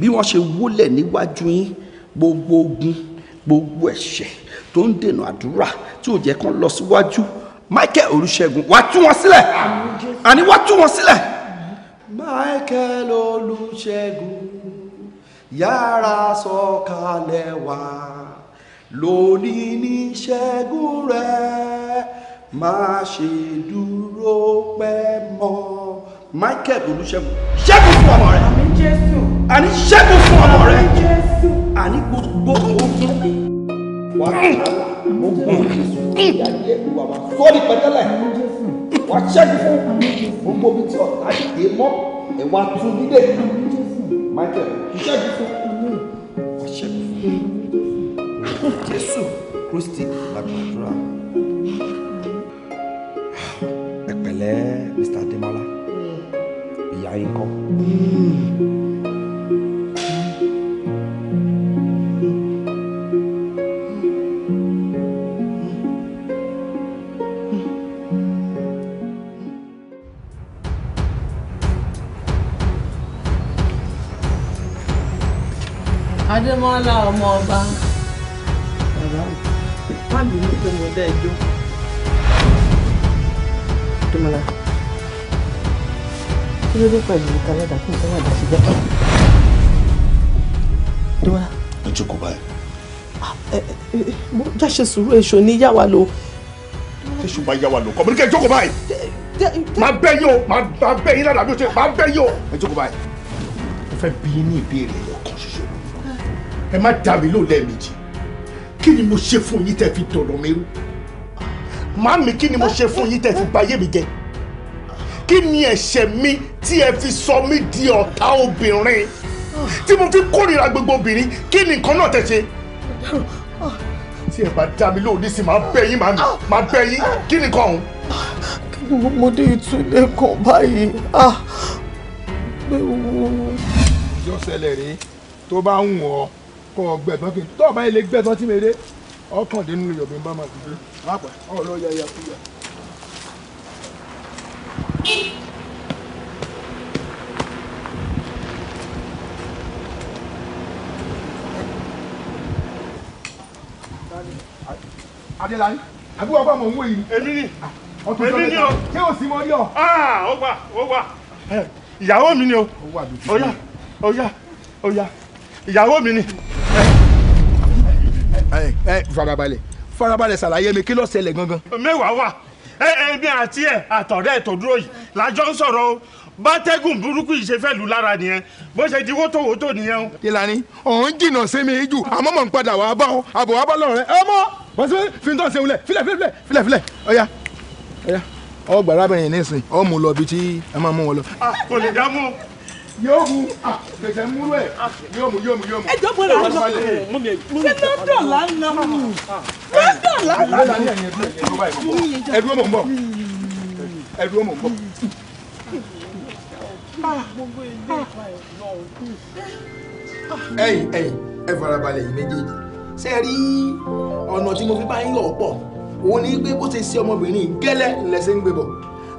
bí wọ́n ṣe wólẹ̀ níwájú yín gbogbo ogun gbogbo ẹ̀ṣẹ̀ tó ń dènà àdúrà tí ò jẹ́ kán lọ síwájú michael olùṣègùn wàá tú wọn sílẹ̀ àní wàá tú wọn sílẹ̀. michael olùṣègùn yára sọ̀kalẹ̀ wá. So lónìí ní ṣẹ́gun rẹ̀ má ṣe dúró pẹ́ mọ́. michael olùṣègùn ṣẹ́gun fún ọmọ rẹ̀. àmín jésù. àní ṣẹ́gun fún ọmọ rẹ̀. àmín jésù. àní gbogbo ogun. wà á ogun sọ́ọ́dì pẹ̀tẹ́lẹ̀ wà á ṣẹ́gun fún gbogbo ibi tí ọ̀tá dé mọ́ ẹ̀wà tún dídé. michael ṣẹ́gun fún wà ṣẹ́gun fún jésù kristi la gbàdúrà ẹ pẹ̀lẹ́ mr adémọ́lá ìyá yín kọ́. Adémọ́lá ọmọ ọba má bínú pé mo dá ẹjọ́. Dùmọ̀lá, kí ló dé pẹ̀lú ìta lẹ́dàá kí n tó wà dá sí jẹ́pẹ́? Dùmọ̀lá. Ẹ jókòó báyìí. Bójá ah, ṣe sùúrù èso ní yá wa lò. Téṣù bá yá wa lò, kọ̀mọ́nì ẹ jókòó báyìí. Má bẹ́ yín o, má bẹ́ yín ládàá bí o ṣe, má bẹ́ yín o. Ẹ jókòó báyìí. Mo fẹ́ bi yín ní ìbéèrè ọ̀kan ṣoṣo. Ẹ má dá mi lò lẹ́ẹ̀mejì kí ni mo ṣe fún yín tẹ́ fi tọ̀rọ̀ mi rú màámi kí ni mo ṣe fún yín tẹ́ fi bà ayé mi jẹ́ kí ni ẹ̀ṣẹ̀ mi tí ẹ fi sọ mí di ọ̀tá obìnrin tí mo fi kórìíra gbogbo obìnrin kí ni nǹkan náà tẹ́ ṣe tí ẹ bá dá mi lóòní sí máa bẹ yín màámi máa bẹ yín kí ni nǹkan ọ̀hún. mo dé ìtúlẹ̀ kan báyìí ah, gbé wo. yọ̀ọ́sẹ̀ lẹ̀ tó bá ń wọ̀ ọ́ kọ gbẹ̀gbọ́n kí n tọ́ ọba ilé gbẹ̀gbọ́n tí mi dé ọkàndínlú yọ̀bí bá máa dìde lápá ọ̀rọ̀ yàyà kúyà. Adélaní àbí wọ́n bá mọ̀ òun èyí. èmi ni ah, èmi ni o. ṣé o sì mọ rí ọ. Ah, ó wà ó wà ìyàwó mi ni o. ó yá ó yá ó yá ìyàwó mi ni ẹ ẹ farabalẹ̀ farabalẹ̀ ṣàlàyé mi kí ló ṣẹlẹ̀ gangan. mẹ́wàá wà ẹ ẹ mi àti ẹ àtọ̀rẹ́ ẹ̀ tó dúró yìí lájọ ń sọ̀rọ̀ o bátẹ́gùn burúkú yìí ṣe fẹ́ lù lára nìyẹn bó ṣe di wótòwótò nìyẹn o. ìlànà òun jìnnà sí mi jù àmọ́ mò ń padà wàá bá ọ àbò wàá bá lọ́rọ̀ rẹ ẹ mọ́ wọ́n ti fi ń tọ́ ṣe filẹ̀ filẹ̀ filẹ̀ filẹ̀ ọ̀ya ọ̀ya ọgbàrá bẹ̀rẹ̀ nísìnyí ọmọ lọ bíi tí ẹ máa mú wọn lọ. Ah, kò lè dá mú o yóò mu tètè múlò ẹ yóò mu yóò mu yóò mu. ẹjọ bọ la lọ ṣe lọdọ la ń lọ mu lọdọ la mu. ẹdúró mò ń bọ̀ ẹdúró mò ń bọ̀. ẹ̀yin ẹ̀yin ẹ farabalẹ̀ yìí méjèèjì ṣe rí ọ̀nà tí mo fi bá yín lọ pọ̀ òun ni pé bó ṣe ṣe ọmọbìnrin gẹ́lẹ́ ńlẹ̀ ń gbé bọ̀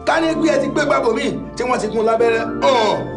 ká ní pé ẹ ti gbé gbàgbọ́ mi tí wọ́n ti gún lábẹ́rẹ́ ọ̀ọ́.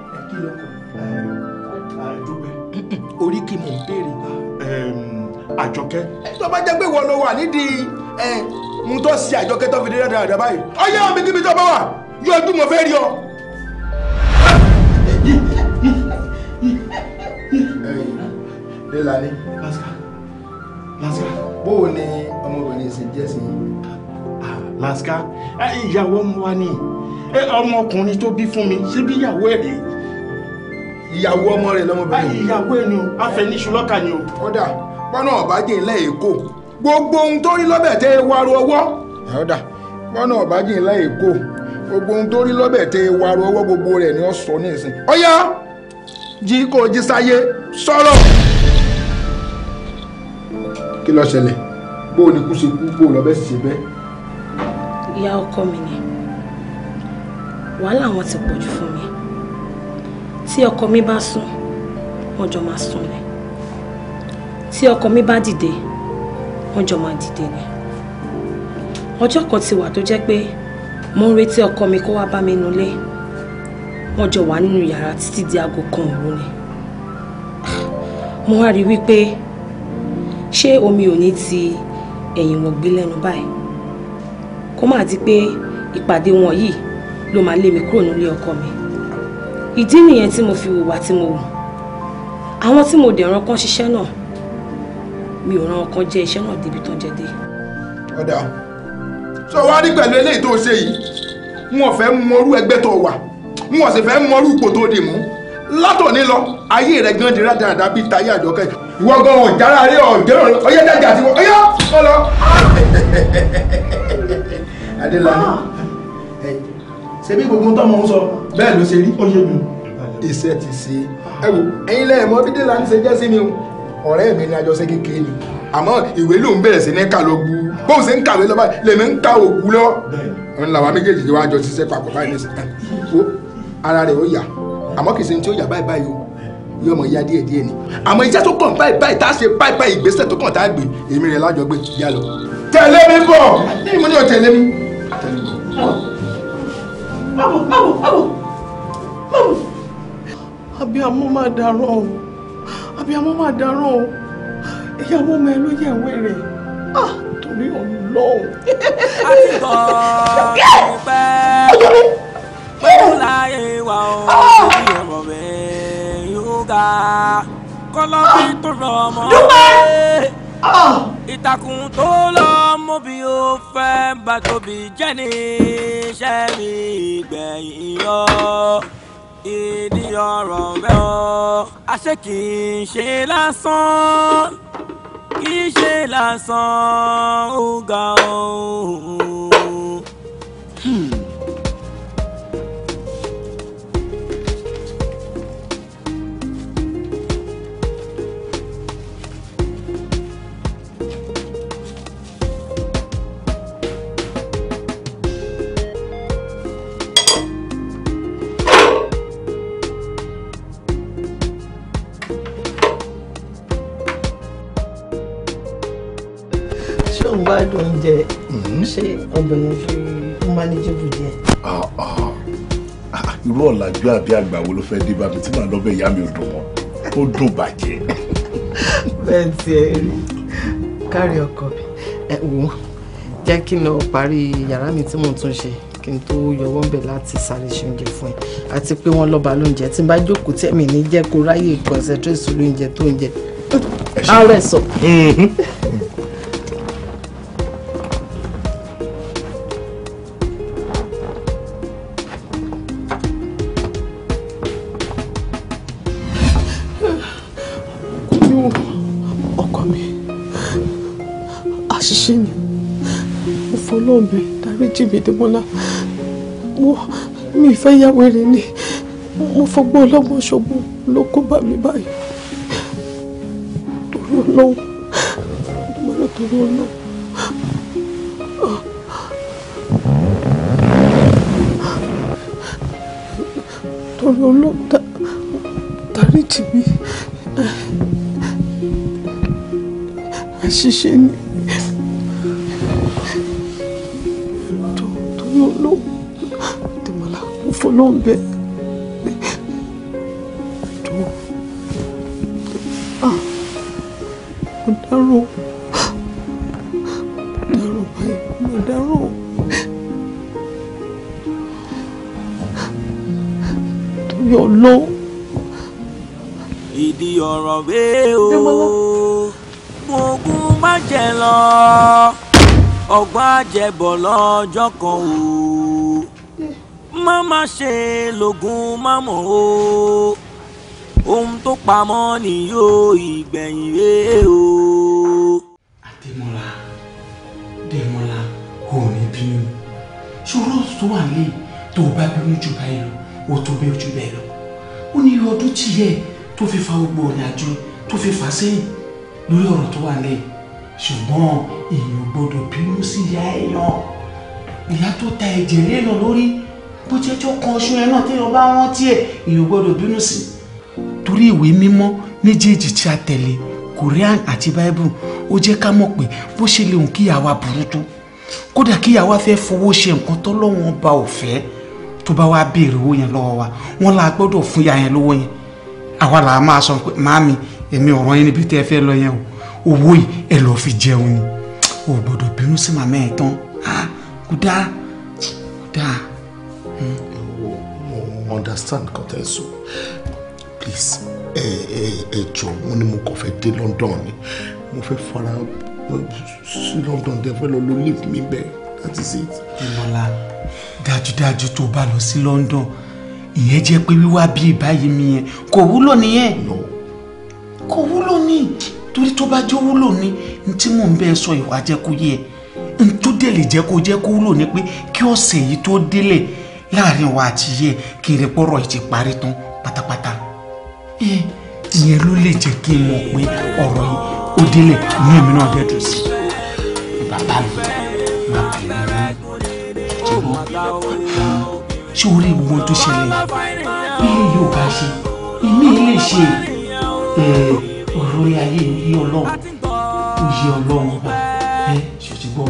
orí kí mò ń béèrè àjọkẹ́ tó bá jẹ́ pé wọ́n ló wà nídìí mú tó ṣe àjọkẹ́ tó fi dé dáadáa báyìí ọyá mi kíbi tó bá wà yọjú mo fẹ́ rí ọ. Délani. Lásìkò. Lásìkò. Bó o ní ọmọbìnrin ṣe jẹ́ sí i? Lásìkò. Ìyàwó ọmọ wa ni ọmọkùnrin tó bí fún mi ṣé bí ìyàwó ẹ̀ rèé? ìyàwó ọmọ lọmọbìnrin. lọ́mọbìnrin. ìyàwó ẹni o ni o. ọ̀dà bọ́nà ọ̀bájì ńlẹ̀ èkó gbogbo ohun tó rí lọ́bẹ̀ gbogbo ohun tó rí lọ́bẹ̀ tẹ́ ẹ ọwọ́ gbogbo rẹ̀ ni ó sọ ní ìsìn. ọ̀yá jí kó wàhálà wọn ti jù fún mi tí ọkọ mi bá sùn wọ́n jọ máa sùn ni tí ọkọ mi bá dìde wọ́n jọ máa dìde ni ọjọ́ kan ti wà tó jẹ́ pé mo ń retí ọkọ mi kó wá bá mi nulé wọ́n jọ wà nínú yàrá títí di aago kan òru ni mo wá rí wípé ṣé omi ò ní ti ẹ̀yìn wọn gbé lẹ́nu báyìí kó má di pé ìpàdé wọn yìí ló máa lé mi kúrò nílé ọkọ mi ìdí nìyẹn tí mo fi hùwà tí mo hù àwọn tí mo dẹ̀ ran kan ṣiṣẹ́ náà mi ò ran kan jẹ iṣẹ́ náà débi tán jẹ dé. ọ̀dà sọ wá rí pẹ̀lú eléyìí tó ṣe yìí wọn ò fẹ́ mọrú ẹgbẹ́ tó wà wọn ò sì fẹ́ mọrú ipò tó dì mú látòní lọ ayé rẹ gan di rádaràdà bíi táyé àjọkẹ́ ìwọ gan ò jára rí ọ̀dẹ́rọ̀ ọyẹ́ dájà àti wọ́n ọyá sọ lọ. adélaní ṣebí gbogbo tọ́mọ ń sọ bẹ́ẹ̀ ló ṣe rí ó yé mi iṣẹ́ ti ṣe ẹ wo ẹ̀yin lẹ́yìn mọ́ bídé là ń ṣe jẹ́ sí mi o ọ̀rẹ́ mi ni àjọṣe kékeré ni àmọ́ ìwé ló ń bẹ̀rẹ̀ sí ní kàlọ́gbù bóun ṣe ń kàwé lọ́ba lèmi ń ka òkú lọ ń làwa méjèèjì tí wàá jọ ṣiṣẹ́ papọ̀ báyìí nìṣẹ́ wo ara rẹ̀ ó yà àmọ́ kìí ṣe ní tí ó yà báyìí báyìí o yóò mọ̀ ya díẹ̀ díẹ̀ ni àmọ́ iṣẹ́ tó kàn báyìí báyìí tá a ṣe báyìí báyìí ìgbésẹ̀ tó kàn tá a gbé èmi rẹ̀ lájọ gbé yá lọ. tẹ̀lé mi bọ̀ mo ní o tẹ̀lé mi. báwo báwo báwo abiyamọ máa dáràn o abiyamọ máa dáràn o ìyàwó ọmọ ẹ ló yẹ ìwé rẹ ah, torí Ọlọ́run. a ti bọ̀ ọ́ pẹ́ pẹ̀lú láyé wa ó ah! bí ọmọ mi yóò ga kọ́lọ́bí tó rọ ọmọ rẹ̀ ah! ìtàkùn tó lọ mú bí ó fẹ́ bá tóbi jẹ́ ní sẹ́mi ìgbẹ̀yìn yọ ìdí ọ̀rọ̀ rẹ ọ́ àṣé kì í ṣe lásán kì í ṣe lásán ó ga ọ́. Hmm. gbádùn oúnjẹ hmm. ṣé obìnrin fi manageable díẹ̀. Ah, ah. Ah, irú ọ̀làjú àbí àgbà wo ló fẹ́ dé bá mi tí màá lọ́bẹ̀ ìyá mi ò dùn mọ́ ó dùn bàjẹ́. bẹ́ẹ̀ ti ẹ rí kárí ọkọ mi ẹ wò ó jẹ́ kí n lọ parí yàrá mi tí mò ń tún ṣe kí n tó yọwọ́ ńbẹ̀ láti sáré ṣe oúnjẹ fún ẹ àti pé wọ́n lọ́ba lóúnjẹ tí n bá jókòó tẹ̀mí ní jẹ́ kó ráyè concentrate lóúnjẹ tó ń jẹ. ara ẹ̀ sọ. Hmm. Jìbìdìmọ́lá mo mi fẹ́ ya wèrè ni mo fọgbọ́n ọlọ́gbọ́n ṣogbọ́n ló kó bá mi báyìí torí ọlọ́run mo lọ torí ọlọ́run. torí ọlọ́run dáríjì mi àṣìṣe ni. Ọlọ́run bẹ tó mo dárò mo báyìí mo torí Ọlọ́run. ìdí ọ̀rọ̀ rèé o ogun má jẹ lọ ọgbọ́n àjẹbọ̀ lọ́jọ́ kan o má má ṣe lògùn má mọ̀ o ohun tó pamọ́ nìyó ìgbẹ̀yìn rèé o. àdèmọ́lá dèmọ́lá kò ní bínú ṣòro tó wà lé tó o bá bínú jù báyìí lọ o tó bẹ́ẹ̀ jù bẹ́ẹ̀ lọ ó ní irú ọdún tí yẹ tó fi fa gbogbo ọ̀rìn àjò tó fi fà sẹ́yìn lórí ọ̀rọ̀ tó wà lẹ́yìn ṣùgbọ́n èèyàn gbọ́dọ̀ bínú sí ìyá èèyàn ìyá tó ta ẹ̀jẹ̀ lẹ́yìn lórí bó ti ẹjọ́ kan oṣù yẹn náà téèyàn bá rántí ẹ̀ èèyàn gbọ́dọ̀ bínú sí torí ìwé mímọ́ méjèèjì tí a tẹ̀lé Quran àti Bible ó jẹ́ ká mọ̀ pé bó ṣe lè hùn kíyàwó burú tó kódà kíyàwó fẹ́ fowó ṣe nǹkan tọ́lọ́wọ́n ba ò fẹ́ tó bá wá béèrè owó yẹn lọ́wọ́ wa wọ́n la gbọ́dọ̀ fún ya yẹn lówó yẹn àwa là á máa sọ pé màámi èmi ọ̀rọ̀ yẹn níbi tẹ́ ẹ fẹ́ lọ yẹn o owó yìí ẹ lọ́ọ́ fi jẹun ni o gbọ́dọ̀ bínú sí màmá ẹ̀ tán ah, kò dáa understand nǹkan so, please ẹ ẹ ẹ jọ mo ní mo kàn fẹ́ dé London ni mo fẹ́ fara sí London dẹ fẹ́ lọ lo leave mi bẹ́ẹ̀ that is it. ìmọ̀lá dájúdájú tó bá lọ sí London ìyẹn jẹ́ pé wíwá bí ìbáyìí mi yẹn kò wúlò nìyẹn kò wúlò ní torí tó bá jẹ́ wúlò ní ní tí mò ń bẹ́ẹ̀ sọ ìwà jẹ́ kó yẹ n tó dẹ̀ lè jẹ́ kó jẹ́ kó wúlò ní pé kí ọ̀sẹ̀ yìí tó délẹ̀ láàrin wa àti yẹ kí n rí pọ́rọ̀ ìtì parí tán pátápátá ìyẹn ló lè jẹ́ kí n mọ̀ pé ọ̀rọ̀ yìí ó délẹ̀ ní èmi náà dẹ̀ dùn sí bàbá mi máa bẹ̀rẹ̀ mi ṣùgbọ́n ṣé orí gbogbo tó ṣẹlẹ̀ ilé yóò bá ṣe èmi lè ṣe ọ̀rọ̀ ayé mi yí ọlọ́run ó yí ọlọ́run bá ṣòtúbọ̀.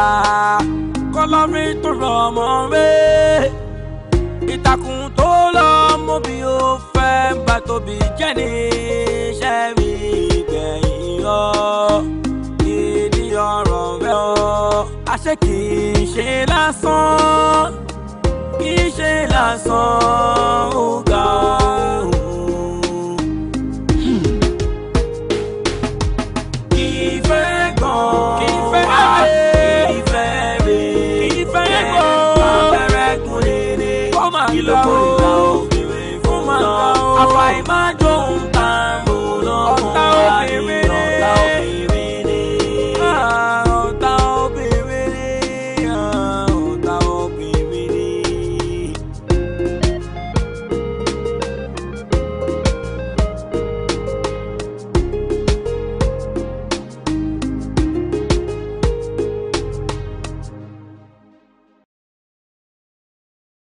gbà kọ́lọ́mí tó rọ̀ mọ́ rẹ́ ìtàkùn tó lọ mú bí ó fẹ́ bá tóbi jẹ́ ní sẹ́rí ìgbẹ̀yìn ọ́ ìdí ọ̀rọ̀ rẹ̀ ọ́ àṣé kì í ṣe lásán kì í ṣe lásán ó ga hmm. gan-an.